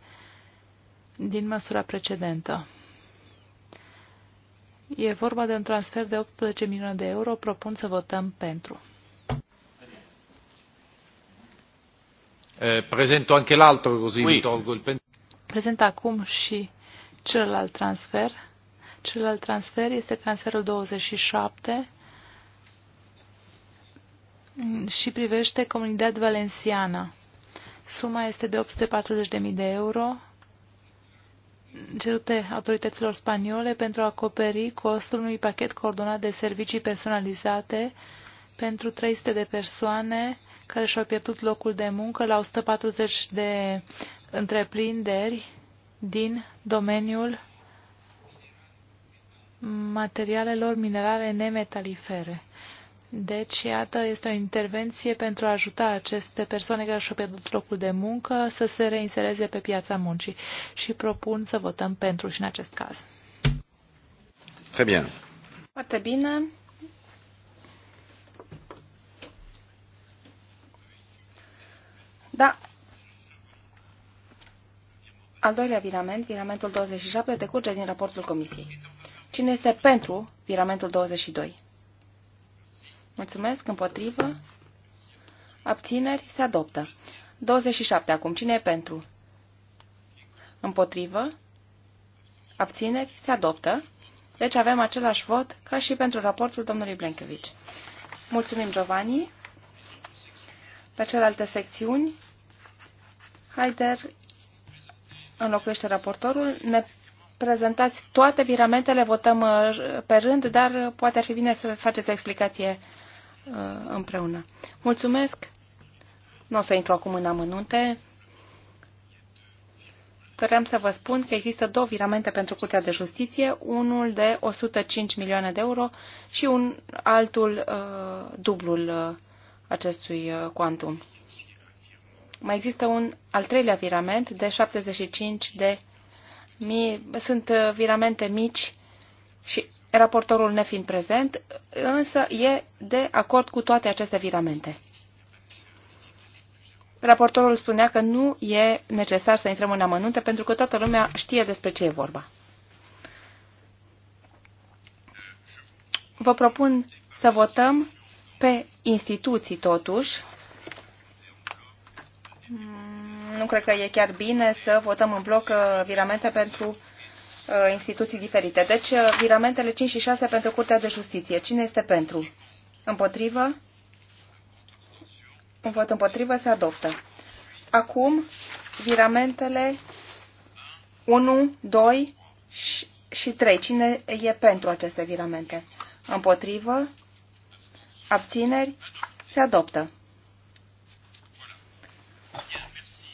din măsura precedentă. E vorba de un transfer de 18 milioane de euro. Propun să votăm pentru. Eh, Prezento anche l'altro così oui. tolgo il Prezent acum și celălalt transfer. Celălalt transfer este transferul 27 și privește Comunitatea Valenciană. Suma este de 840.000 de euro cerute autorităților spaniole pentru a acoperi costul unui pachet coordonat de servicii personalizate pentru 300 de persoane care și-au pierdut locul de muncă la 140 de întreprinderi din domeniul materialelor minerale nemetalifere. Deci, iată, este o intervenție pentru a ajuta aceste persoane care și-au pierdut locul de muncă să se reinsereze pe piața muncii și propun să votăm pentru și în acest caz. Foarte bine. Da. Al doilea virament, viramentul 27, decurge din raportul comisiei. Cine este pentru viramentul 22? Mulțumesc. Împotrivă. Abțineri. Se adoptă. 27. Acum, cine e pentru? Împotrivă. Abțineri. Se adoptă. Deci avem același vot ca și pentru raportul domnului Blenkevici. Mulțumim, Giovanni. La celelalte secțiuni, Haider înlocuiește raportorul. Ne prezentați toate viramentele, votăm uh, pe rând, dar uh, poate ar fi bine să faceți o explicație Uh, împreună. Mulțumesc! Nu o să intru acum în amănunte. Vreau să vă spun că există două viramente pentru Curtea de Justiție, unul de 105 milioane de euro și un altul uh, dublul uh, acestui uh, quantum. Mai există un al treilea virament de 75 de mii, sunt uh, viramente mici și raportorul nefiind prezent, însă e de acord cu toate aceste viramente. Raportorul spunea că nu e necesar să intrăm în amănunte pentru că toată lumea știe despre ce e vorba. Vă propun să votăm pe instituții totuși. Nu cred că e chiar bine să votăm în bloc uh, viramente pentru Uh, instituții diferite. Deci, uh, viramentele 5 și 6 pentru Curtea de Justiție. Cine este pentru? Împotrivă? Un vot împotrivă se adoptă. Acum, viramentele 1, 2 și 3. Cine e pentru aceste viramente? Împotrivă? Abțineri? Se adoptă.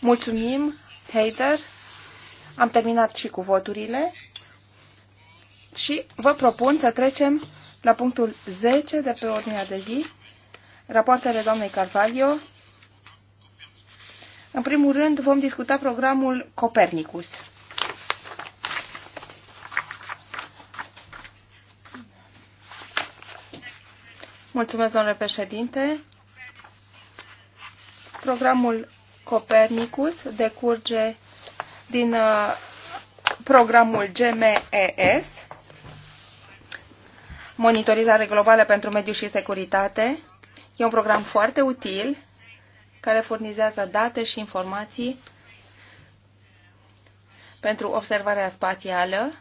Mulțumim, Heider. Am terminat și cu voturile. Și vă propun să trecem la punctul 10 de pe ordinea de zi, rapoartele doamnei Carvalho. În primul rând vom discuta programul Copernicus. Mulțumesc, domnule președinte. Programul Copernicus decurge din uh, programul GMES, monitorizare globală pentru mediu și securitate. E un program foarte util care furnizează date și informații pentru observarea spațială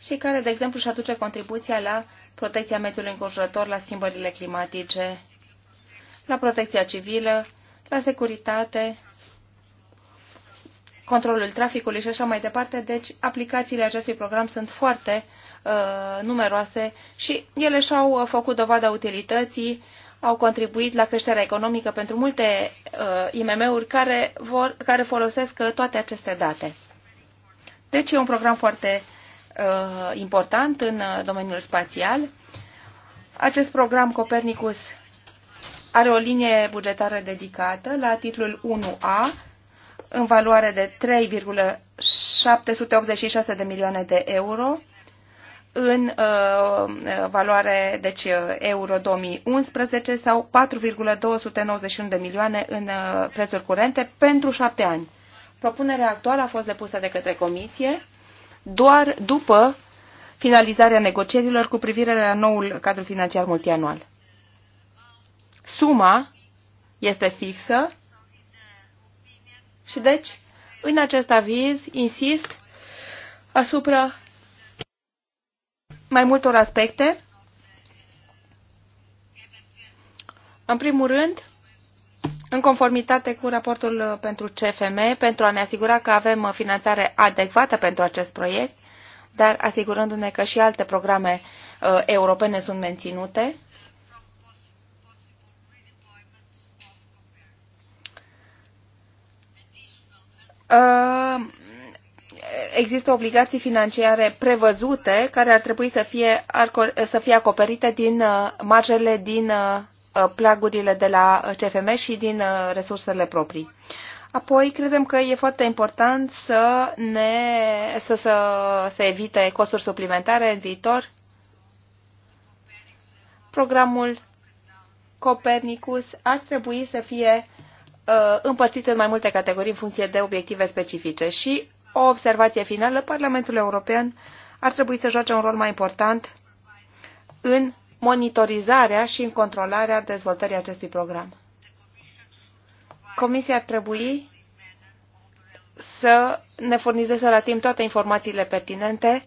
și care, de exemplu, își aduce contribuția la protecția mediului înconjurător, la schimbările climatice, la protecția civilă, la securitate controlul traficului și așa mai departe. Deci, aplicațiile acestui program sunt foarte uh, numeroase și ele și-au uh, făcut dovada utilității, au contribuit la creșterea economică pentru multe uh, IMM-uri care, vor, care folosesc uh, toate aceste date. Deci e un program foarte uh, important în uh, domeniul spațial. Acest program Copernicus are o linie bugetară dedicată la titlul 1A, în valoare de 3,786 de milioane de euro, în uh, uh valoare, deci uh, euro 2011 sau 4,291 de milioane în uh, prețuri curente pentru șapte ani. Propunerea actuală a fost depusă de către Comisie doar după finalizarea negocierilor cu privire la noul cadru financiar multianual. Suma este fixă și deci, în acest aviz, insist asupra mai multor aspecte. În primul rând, în conformitate cu raportul pentru CFM, pentru a ne asigura că avem finanțare adecvată pentru acest proiect, dar asigurându-ne că și alte programe uh, europene sunt menținute, Uh, există obligații financiare prevăzute care ar trebui să fie, să fie acoperite din uh, marjele din uh, plagurile de la CFM și din resursele proprii. Apoi, credem că e foarte important să, ne, să, să, să evite costuri suplimentare în viitor. Programul Copernicus ar trebui să fie Uh, împărțite în mai multe categorii în funcție de obiective specifice. Și o observație finală, Parlamentul European ar trebui să joace un rol mai important în monitorizarea și în controlarea dezvoltării acestui program. Comisia ar trebui să ne furnizeze la timp toate informațiile pertinente,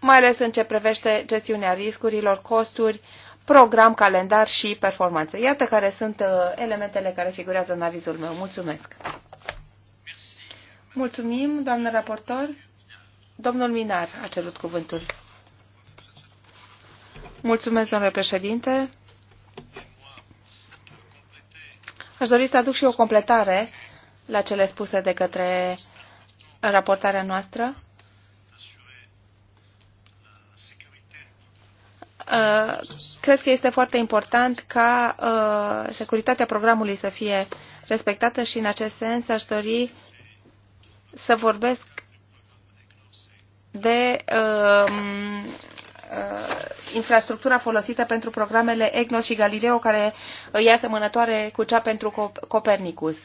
mai ales în ce privește gestiunea riscurilor, costuri, program, calendar și performanță. Iată care sunt uh, elementele care figurează în avizul meu. Mulțumesc! Mulțumim, doamnă raportor. Domnul Minar a cerut cuvântul. Mulțumesc, domnule președinte. Aș dori să aduc și o completare la cele spuse de către raportarea noastră. Uh, cred că este foarte important ca uh, securitatea programului să fie respectată și în acest sens aș dori să vorbesc de um, uh, infrastructura folosită pentru programele EGNOS și Galileo, care e asemănătoare cu cea pentru Copernicus.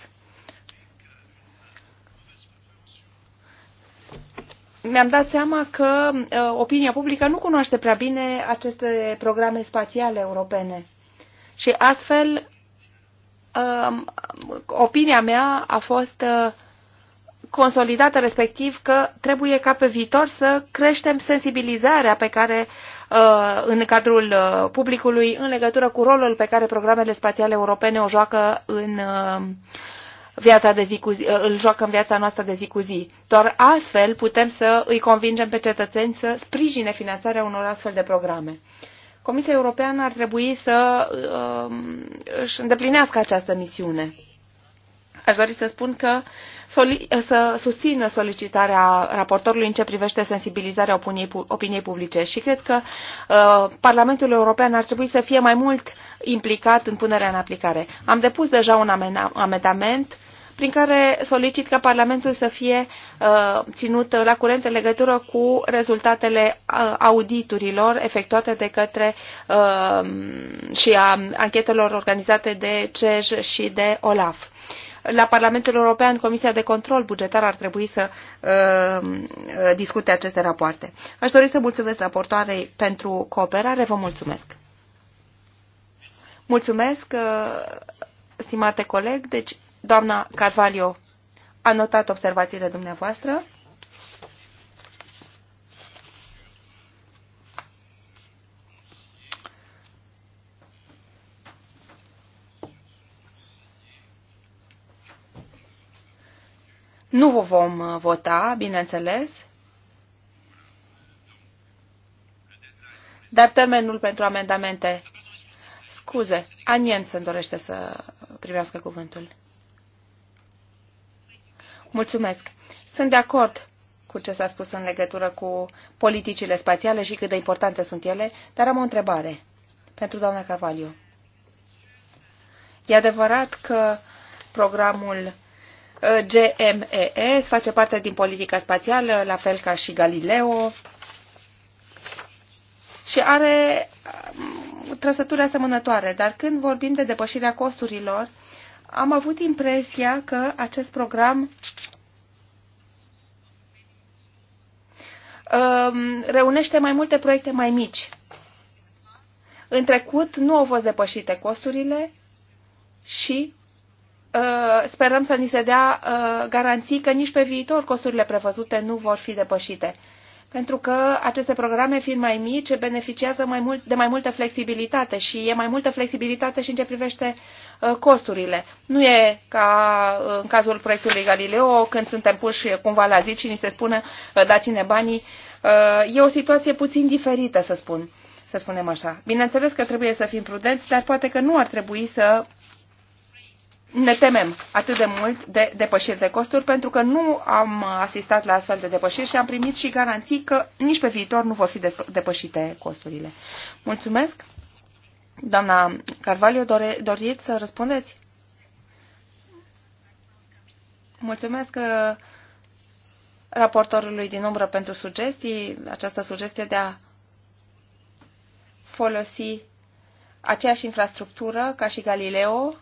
mi-am dat seama că ă, opinia publică nu cunoaște prea bine aceste programe spațiale europene. Și astfel, ă, opinia mea a fost ă, consolidată, respectiv că trebuie ca pe viitor să creștem sensibilizarea pe care în cadrul publicului în legătură cu rolul pe care programele spațiale europene o joacă în viața de zi cu zi, îl joacă în viața noastră de zi cu zi. Doar astfel putem să îi convingem pe cetățeni să sprijine finanțarea unor astfel de programe. Comisia Europeană ar trebui să uh, își îndeplinească această misiune. Aș dori să spun că să susțin solicitarea raportorului în ce privește sensibilizarea opiniei, opiniei publice și cred că uh, Parlamentul European ar trebui să fie mai mult implicat în punerea în aplicare. Am depus deja un amendament prin care solicit ca Parlamentul să fie uh, ținut la curent în legătură cu rezultatele uh, auditurilor efectuate de către uh, și a anchetelor organizate de CEJ și de OLAF la Parlamentul European, Comisia de Control Bugetar ar trebui să discute aceste rapoarte. Aș dori să mulțumesc raportoarei pentru cooperare. Vă mulțumesc. Mulțumesc, stimate coleg. Deci, Doamna Carvalho a notat observațiile dumneavoastră. Nu vă vom uh, vota, bineînțeles, dar termenul pentru amendamente. Scuze, Anien se dorește să primească cuvântul. Mulțumesc. Sunt de acord cu ce s-a spus în legătură cu politicile spațiale și cât de importante sunt ele, dar am o întrebare pentru doamna Carvalho. E adevărat că programul uh, GMES face parte din politica spațială, la fel ca și Galileo, și are uh, trăsături asemănătoare, dar când vorbim de depășirea costurilor, am avut impresia că acest program um, reunește mai multe proiecte mai mici. În trecut nu au fost depășite costurile și uh, sperăm să ni se dea uh, garanții că nici pe viitor costurile prevăzute nu vor fi depășite pentru că aceste programe, fiind mai mici, beneficiază mai mult, de mai multă flexibilitate și e mai multă flexibilitate și în ce privește uh, costurile. Nu e ca uh, în cazul proiectului Galileo, când suntem puși cumva la zi și ni se spune uh, dați-ne banii. E o situație puțin diferită, să spun să spunem așa. Bineînțeles că trebuie să fim prudenți, dar poate că nu ar trebui să ne temem atât de mult de depășiri de costuri pentru că nu am asistat la astfel de depășiri și am primit și garanții că nici pe viitor nu vor fi depășite costurile. Mulțumesc. Doamna Carvalho, doriți să răspundeți? Mulțumesc uh, raportorului din umbră pentru sugestii, această sugestie de a folosi aceeași infrastructură ca și Galileo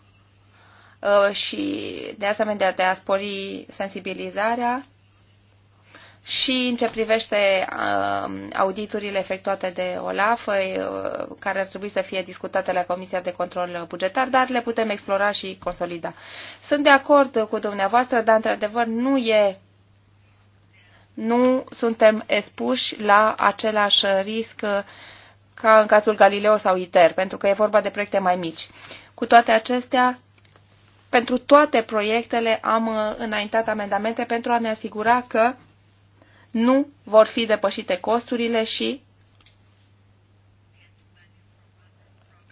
Uh, și de asemenea de a spori sensibilizarea și în ce privește uh, auditurile efectuate de OLAF, uh, care ar trebui să fie discutate la Comisia de Control Bugetar, dar le putem explora și consolida. Sunt de acord cu dumneavoastră, dar într-adevăr nu e nu suntem expuși la același risc ca în cazul Galileo sau ITER, pentru că e vorba de proiecte mai mici. Cu toate acestea, pentru toate proiectele am uh, înaintat amendamente pentru a ne asigura că nu vor fi depășite costurile și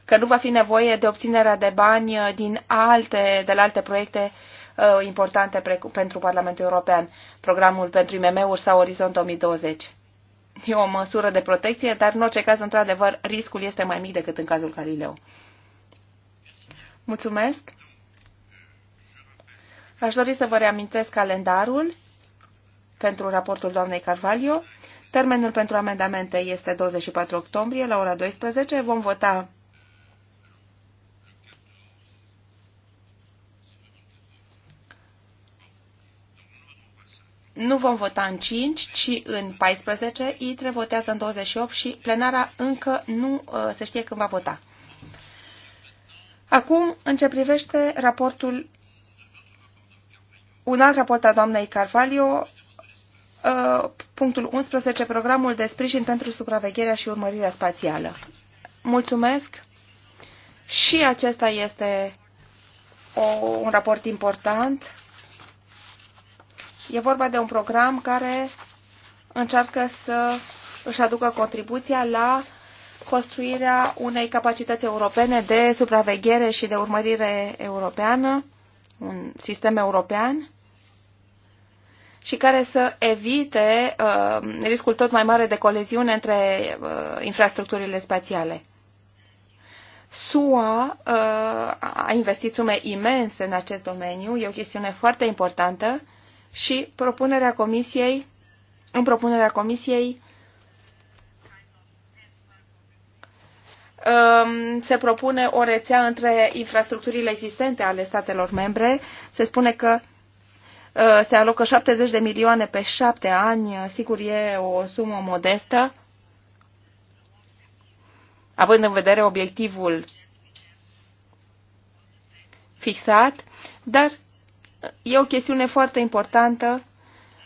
că nu va fi nevoie de obținerea de bani uh, din alte, de la alte proiecte uh, importante pentru Parlamentul European, programul pentru IMM-uri sau Orizont 2020. E o măsură de protecție, dar în orice caz, într-adevăr, riscul este mai mic decât în cazul Galileo. Mulțumesc. Aș dori să vă reamintesc calendarul pentru raportul doamnei Carvalho. Termenul pentru amendamente este 24 octombrie la ora 12. Vom vota nu vom vota în 5, ci în 14. ITRE votează în 28 și plenara încă nu uh, se știe când va vota. Acum, în ce privește raportul un alt raport al doamnei Carvalho, uh, punctul 11, programul de sprijin pentru supravegherea și urmărirea spațială. Mulțumesc! Și acesta este o, un raport important. E vorba de un program care încearcă să își aducă contribuția la construirea unei capacități europene de supraveghere și de urmărire europeană un sistem european și care să evite uh, riscul tot mai mare de coleziune între uh, infrastructurile spațiale. SUA uh, a investit sume imense în acest domeniu, e o chestiune foarte importantă și propunerea comisiei, în propunerea comisiei Ehm, se propune o rețea între infrastructurile existente ale statelor membre. Se spune că eh, se alocă 70 de milioane pe șapte ani. Sigur, e o sumă modestă, având în vedere obiectivul fixat, dar e o chestiune foarte importantă,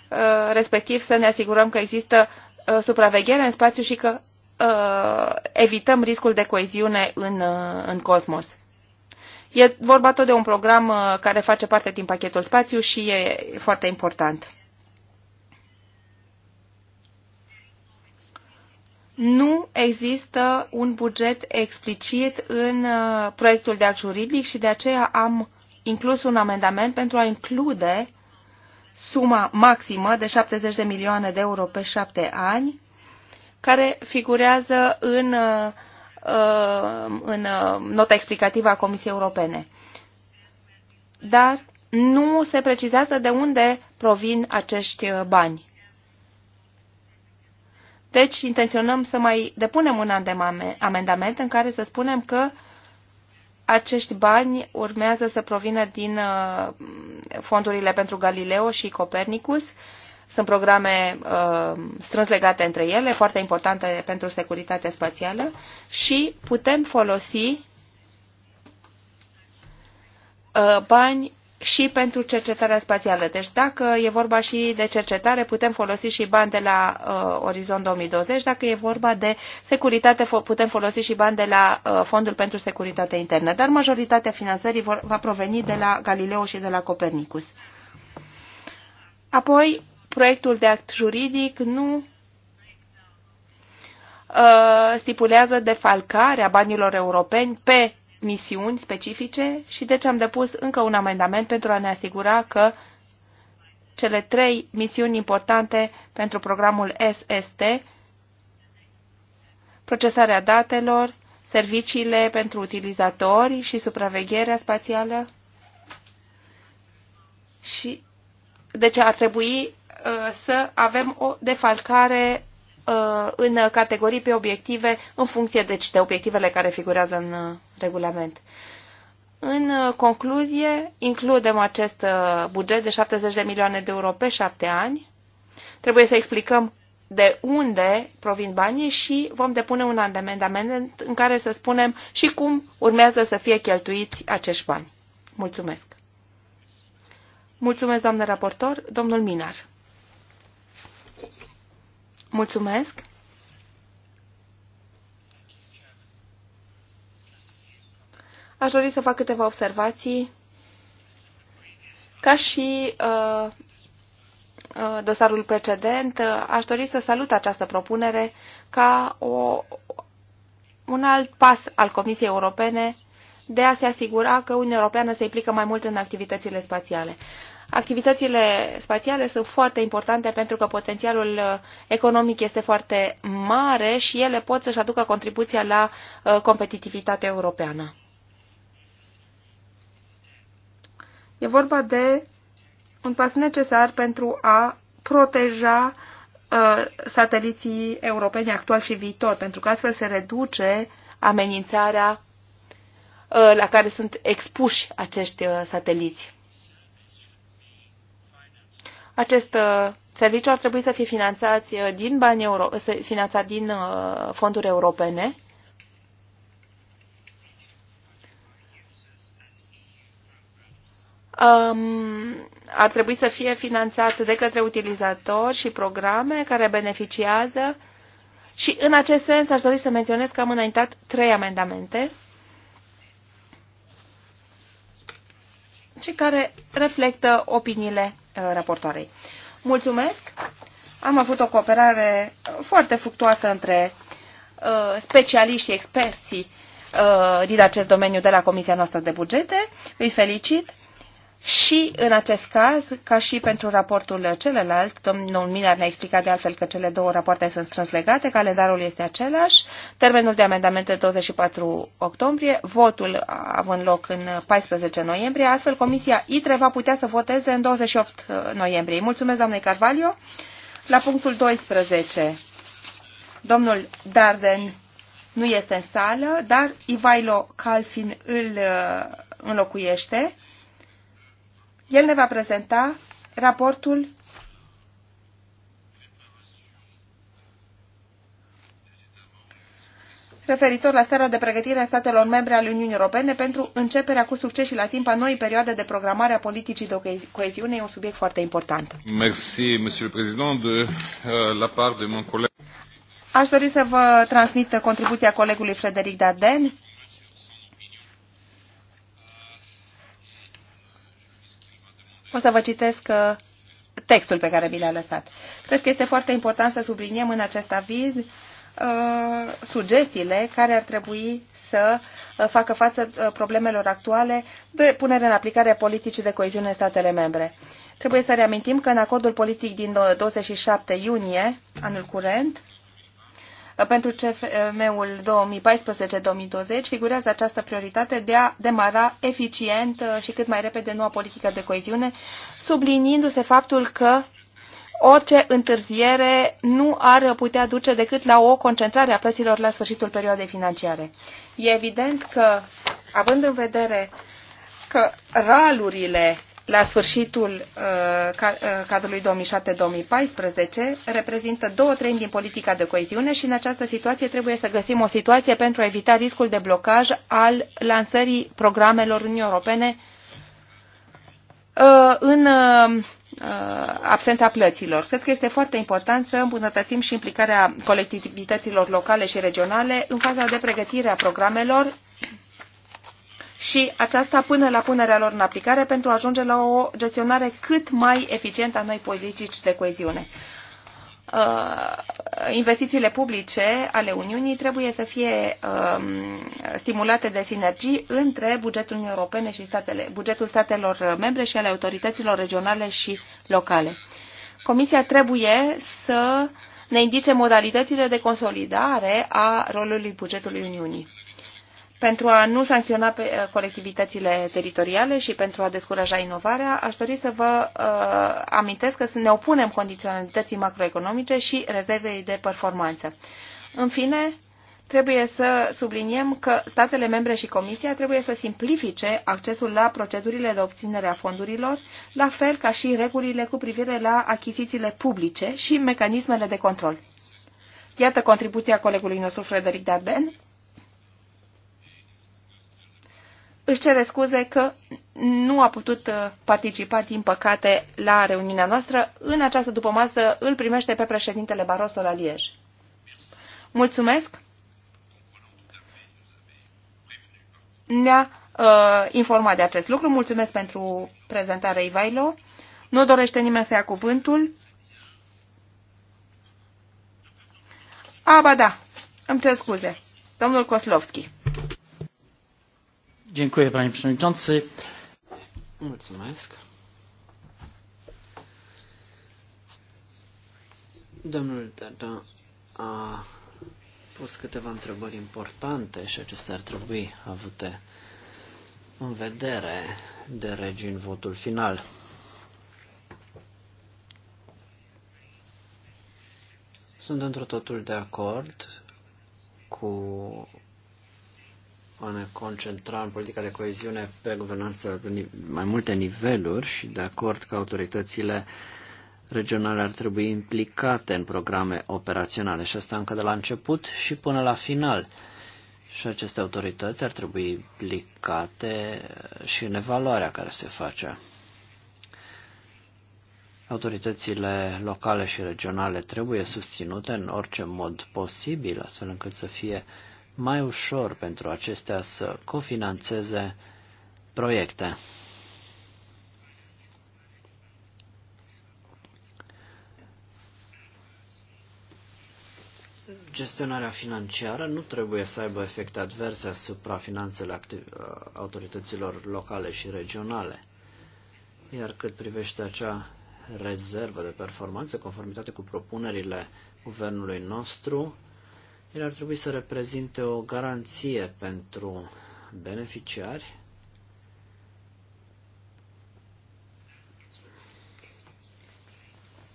eh, respectiv să ne asigurăm că există eh, supraveghere în spațiu și că Uh, evităm riscul de coeziune în, uh, în cosmos. E vorba tot de un program uh, care face parte din pachetul spațiu și e foarte important. Nu există un buget explicit în proiectul de act juridic și de aceea am inclus un amendament pentru a include suma maximă de 70 de milioane de euro pe șapte ani care figurează în, uh, în uh, nota explicativă a Comisiei Europene. Dar nu se precizează de unde provin acești uh, bani. Deci intenționăm să mai depunem un amendament în care să spunem că acești bani urmează să provină din fondurile pentru Galileo și Copernicus sunt programe uh, strâns legate între ele, foarte importante pentru securitatea spațială și putem folosi uh, bani și pentru cercetarea spațială. Deci dacă e vorba și de cercetare, putem folosi și bani de la uh, Orizont 2020. Dacă e vorba de securitate, putem folosi și bani de la uh, Fondul pentru Securitate Internă. Dar majoritatea finanțării vor, va proveni de la Galileo și de la Copernicus. Apoi, proiectul de act juridic nu uh, stipulează defalcarea banilor europeni pe misiuni specifice și deci am depus încă un amendament pentru a ne asigura că cele trei misiuni importante pentru programul SST, procesarea datelor, serviciile pentru utilizatori și supravegherea spațială. Și, deci ar trebui Uh, să avem o defalcare uh, în categorii pe obiective, în funcție deci, de obiectivele care figurează în uh, regulament. În concluzie, includem acest buget de 70 de milioane de euro pe șapte ani. Trebuie să explicăm de unde provin banii și vom depune un amendament în care să spunem și cum urmează să fie cheltuiți acești bani. Mulțumesc! Mulțumesc, doamnă raportor, domnul Minar. Mulțumesc. Aș dori să fac câteva observații. Ca și uh, uh, dosarul precedent, aș dori să salut această propunere ca o, un alt pas al Comisiei Europene de a se asigura că Uniunea Europeană se implică mai mult în activitățile spațiale. Activitățile spațiale sunt foarte importante pentru că potențialul uh, economic este foarte mare și ele pot să-și aducă contribuția la uh, competitivitatea europeană. E vorba de un pas necesar pentru a proteja uh, sateliții europeni actual și viitor, pentru că astfel se reduce amenințarea la care sunt expuși acești sateliți. Acest uh, serviciu ar trebui să fie finanțat uh, din, bani euro, finanțat din uh, fonduri europene. Um, ar trebui să fie finanțat de către utilizatori și programe care beneficiază și în acest sens aș dori să menționez că am înaintat trei amendamente. și care reflectă opiniile uh, raportoarei. Mulțumesc! Am avut o cooperare uh, foarte fructuoasă între uh, specialiștii, experții din acest domeniu de la Comisia noastră de bugete. Îi felicit și în acest caz, ca și pentru raportul celălalt, domnul Minar ne-a explicat de altfel că cele două rapoarte sunt strâns legate, calendarul este același, termenul de amendamente 24 octombrie, votul având loc în 14 noiembrie, astfel Comisia ITRE va putea să voteze în 28 uh, noiembrie. Mulțumesc, doamnei Carvalho. La punctul 12, domnul Darden nu este în sală, dar Ivailo Calfin îl uh, înlocuiește el ne va prezenta raportul referitor la starea de pregătire a statelor membre ale Uniunii Europene pentru începerea cu succes și la timp a noii perioade de programare a politicii de coeziune. E un subiect foarte important. Merci, Monsieur le Président, de euh, la part de mon coleg. Aș dori să vă transmit contribuția colegului Frederic Daden O să vă citesc uh, textul pe care mi l-a lăsat. Cred că este foarte important să subliniem în acest aviz uh, sugestiile care ar trebui să uh, facă față problemelor actuale de punere în aplicare a politicii de coeziune în statele membre. Trebuie să reamintim că în acordul politic din 27 iunie anul curent, pentru CFM-ul 2014-2020 figurează această prioritate de a demara eficient uh, și cât mai repede noua politică de coeziune, subliniindu-se faptul că orice întârziere nu ar putea duce decât la o concentrare a plăților la sfârșitul perioadei financiare. E evident că, având în vedere că ralurile la sfârșitul uh, uh, cadrului 2007-2014 reprezintă două treimi din politica de coeziune și în această situație trebuie să găsim o situație pentru a evita riscul de blocaj al lansării programelor Uniunii Europene uh, în absența plăților. Cred că este foarte important să îmbunătățim și implicarea colectivităților locale și regionale în faza de pregătire a programelor și aceasta până la punerea lor în aplicare pentru a ajunge la o gestionare cât mai eficientă a noi politici de coeziune. Uh, investițiile publice ale Uniunii trebuie să fie um, stimulate de sinergii între bugetul Uniunii Europene și statele, bugetul statelor membre și ale autorităților regionale și locale. Comisia trebuie să ne indice modalitățile de consolidare a rolului bugetului Uniunii pentru a nu sancționa pe uh, colectivitățile teritoriale și pentru a descuraja inovarea, aș dori să vă uh, amintesc că ne opunem condiționalității macroeconomice și rezervei de performanță. În fine, trebuie să subliniem că statele membre și Comisia trebuie să simplifice accesul la procedurile de obținere a fondurilor, la fel ca și regulile cu privire la achizițiile publice și mecanismele de control. Iată contribuția colegului nostru Frederic Darden își cere scuze că nu a putut uh, participa, din păcate, la reuniunea noastră. În această dupămasă îl primește pe președintele Barroso la Liej. Mulțumesc! Ne-a uh, informat de acest lucru. Mulțumesc pentru prezentare, Ivailo. Nu dorește nimeni să ia cuvântul. Aba da, îmi cer scuze. Domnul Koslovski. Dziękuję, panie przewodniczący. Mulțumesc. Domnul Tata a pus câteva întrebări importante și acestea ar trebui avute în vedere de regi în votul final. Sunt într o totul de acord cu a ne concentra în politica de coeziune pe guvernanță în mai multe niveluri și de acord că autoritățile regionale ar trebui implicate în programe operaționale și asta încă de la început și până la final. Și aceste autorități ar trebui implicate uh, și în evaluarea care se face. Autoritățile locale și regionale trebuie susținute în orice mod posibil, astfel încât să fie uh, mai ușor pentru acestea să cofinanțeze proiecte. Gestionarea financiară nu trebuie să aibă efecte adverse asupra finanțele uh, autorităților locale și regionale. Iar cât privește acea rezervă de performanță, conformitate cu propunerile guvernului nostru, el ar trebui să reprezinte o garanție pentru beneficiari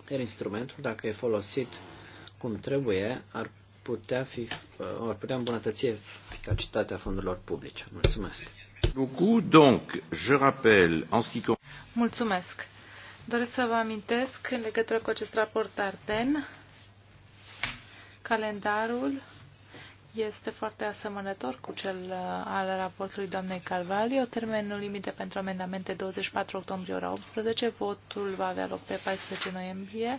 Iar instrumentul, dacă e folosit cum trebuie, ar putea, fi, ar putea îmbunătăți eficacitatea fondurilor publice. Mulțumesc. Mulțumesc. Doresc să vă amintesc în legătură cu acest raport Arden Calendarul este foarte asemănător cu cel uh, al raportului doamnei Carvalho. Termenul limite pentru amendamente 24 octombrie ora 18. Votul va avea loc pe 14 noiembrie.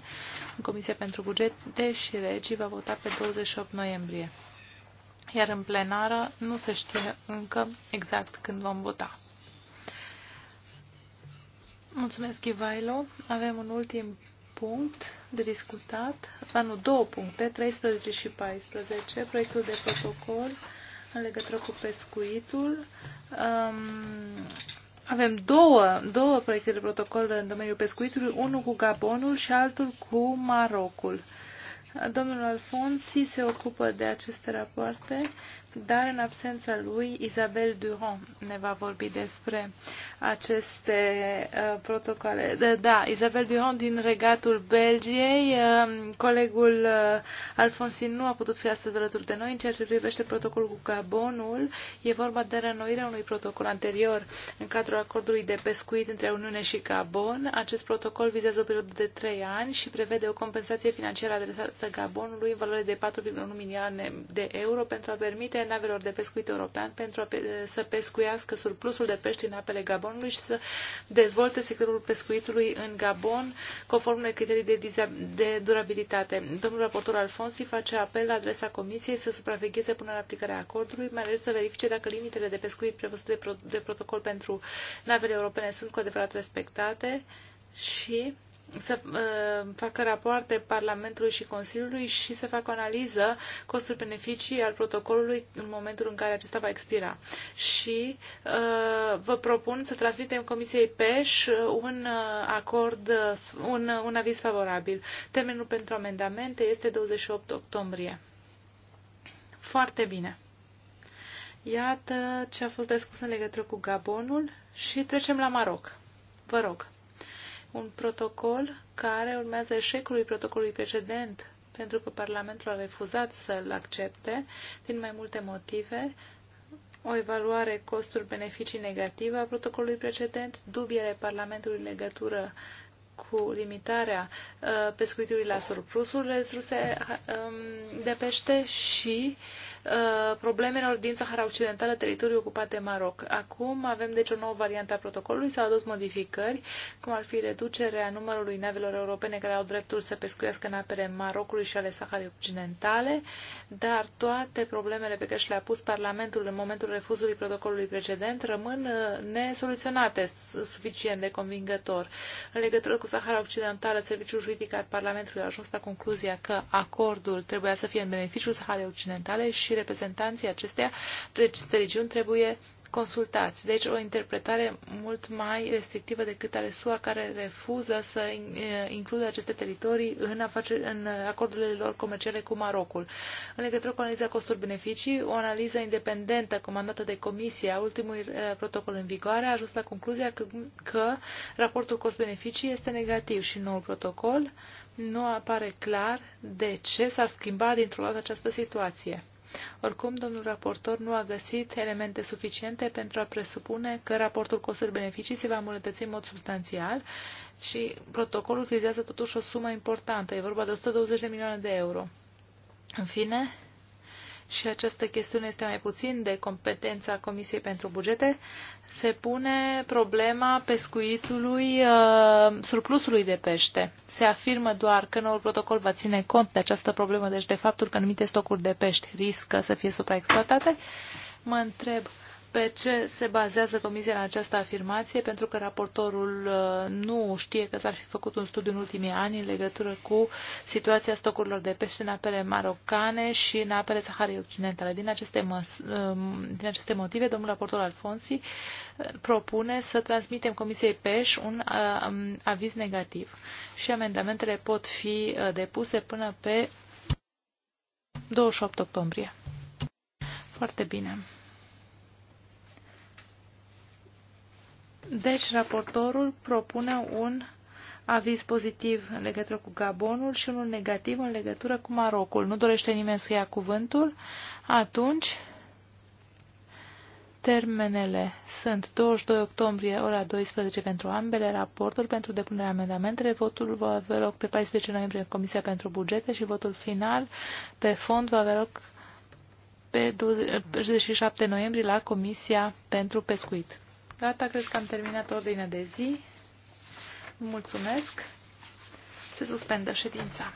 În Comisia pentru Bugete și Regii va vota pe 28 noiembrie. Iar în plenară nu se știe încă exact când vom vota. Mulțumesc, Ivailo. Avem un ultim punct de discutat, nu, două puncte, 13 și 14, proiectul de protocol în legătură cu pescuitul. Um, avem două, două proiecte de protocol în domeniul pescuitului, unul cu Gabonul și altul cu Marocul. Domnul Alfonsi se ocupă de aceste rapoarte dar în absența lui, Isabel Durand ne va vorbi despre aceste uh, protocoale. Da, da, Isabel Durand din regatul Belgiei, uh, colegul uh, Alfonsin nu a putut fi astăzi alături de noi în ceea ce privește protocolul cu Gabonul. E vorba de renoirea unui protocol anterior în cadrul acordului de pescuit între Uniune și Gabon. Acest protocol vizează o perioadă de 3 ani și prevede o compensație financiară adresată Gabonului în valoare de 4,1 milioane de euro pentru a permite ale navelor de pescuit european pentru a pe, să pescuiască surplusul de pești în apele Gabonului și să dezvolte sectorul pescuitului în Gabon conform unei criterii de, de durabilitate. Domnul raportor Alfonsi face apel la adresa Comisiei să supravegheze până la aplicarea acordului, mai ales să verifice dacă limitele de pescuit prevăzute de, pro, de protocol pentru navele europene sunt cu adevărat respectate și să uh, facă rapoarte Parlamentului și Consiliului și să facă o analiză costuri-beneficii al protocolului în momentul în care acesta va expira. Și uh, vă propun să transmitem Comisiei PEș un uh, acord, uh, un, un aviz favorabil. Termenul pentru amendamente este 28 octombrie. Foarte bine. Iată ce a fost discutat în legătură cu Gabonul și trecem la Maroc. Vă rog un protocol care urmează eșecului protocolului precedent, pentru că Parlamentul a refuzat să-l accepte din mai multe motive, o evaluare costul-beneficii negative a protocolului precedent, dubiere Parlamentului în legătură cu limitarea uh, pescuitului la surplusul resurse uh, um, de pește și Uh, problemelor din Sahara Occidentală, teritoriul ocupat de Maroc. Acum avem deci o nouă variantă a protocolului, s-au adus modificări, cum ar fi reducerea numărului navelor europene care au dreptul să pescuiască în apele Marocului și ale Saharei Occidentale, dar toate problemele pe care și le-a pus Parlamentul în momentul refuzului protocolului precedent rămân uh, nesoluționate suficient de convingător. În legătură cu Sahara Occidentală, Serviciul Juridic al Parlamentului a ajuns la concluzia că acordul trebuia să fie în beneficiul Saharei Occidentale și și reprezentanții acestea, deci, aceste regiuni trebuie consultați. Deci o interpretare mult mai restrictivă decât ale SUA, care refuză să includă aceste teritorii în, afaceri, în acordurile lor comerciale cu Marocul. În legătură cu analiza costuri-beneficii, o analiză independentă comandată de Comisia, ultimul protocol în vigoare, a ajuns la concluzia că, că raportul cost-beneficii este negativ și noul protocol nu apare clar de ce s-ar schimba dintr-o dată această situație. Oricum, domnul raportor nu a găsit elemente suficiente pentru a presupune că raportul costuri-beneficii se va îmbunătăți în mod substanțial și protocolul vizează totuși o sumă importantă. E vorba de 120 de milioane de euro. În fine, și această chestiune este mai puțin de competența Comisiei pentru Bugete, se pune problema pescuitului uh, surplusului de pește. Se afirmă doar că noul protocol va ține cont de această problemă, deci de faptul că anumite stocuri de pește riscă să fie supraexploatate. Mă întreb pe ce se bazează Comisia în această afirmație, pentru că raportorul uh, nu știe că s-ar fi făcut un studiu în ultimii ani în legătură cu situația stocurilor de pește în apele marocane și în apele Saharei Occidentale. Din aceste, um, din aceste motive, domnul raportor Alfonsi uh, propune să transmitem Comisiei PEș un uh, um, aviz negativ și amendamentele pot fi depuse până pe 28 octombrie. Foarte bine. Deci, raportorul propune un aviz pozitiv în legătură cu Gabonul și unul negativ în legătură cu Marocul. Nu dorește nimeni să ia cuvântul? Atunci, termenele sunt 22 octombrie, ora 12 pentru ambele raporturi, pentru depunerea amendamentelor. Votul va avea loc pe 14 noiembrie în Comisia pentru Bugete și votul final pe fond va avea loc pe 27 noiembrie la Comisia pentru Pescuit. Gata, cred că am terminat ordinea de zi. Mulțumesc. Se suspendă ședința.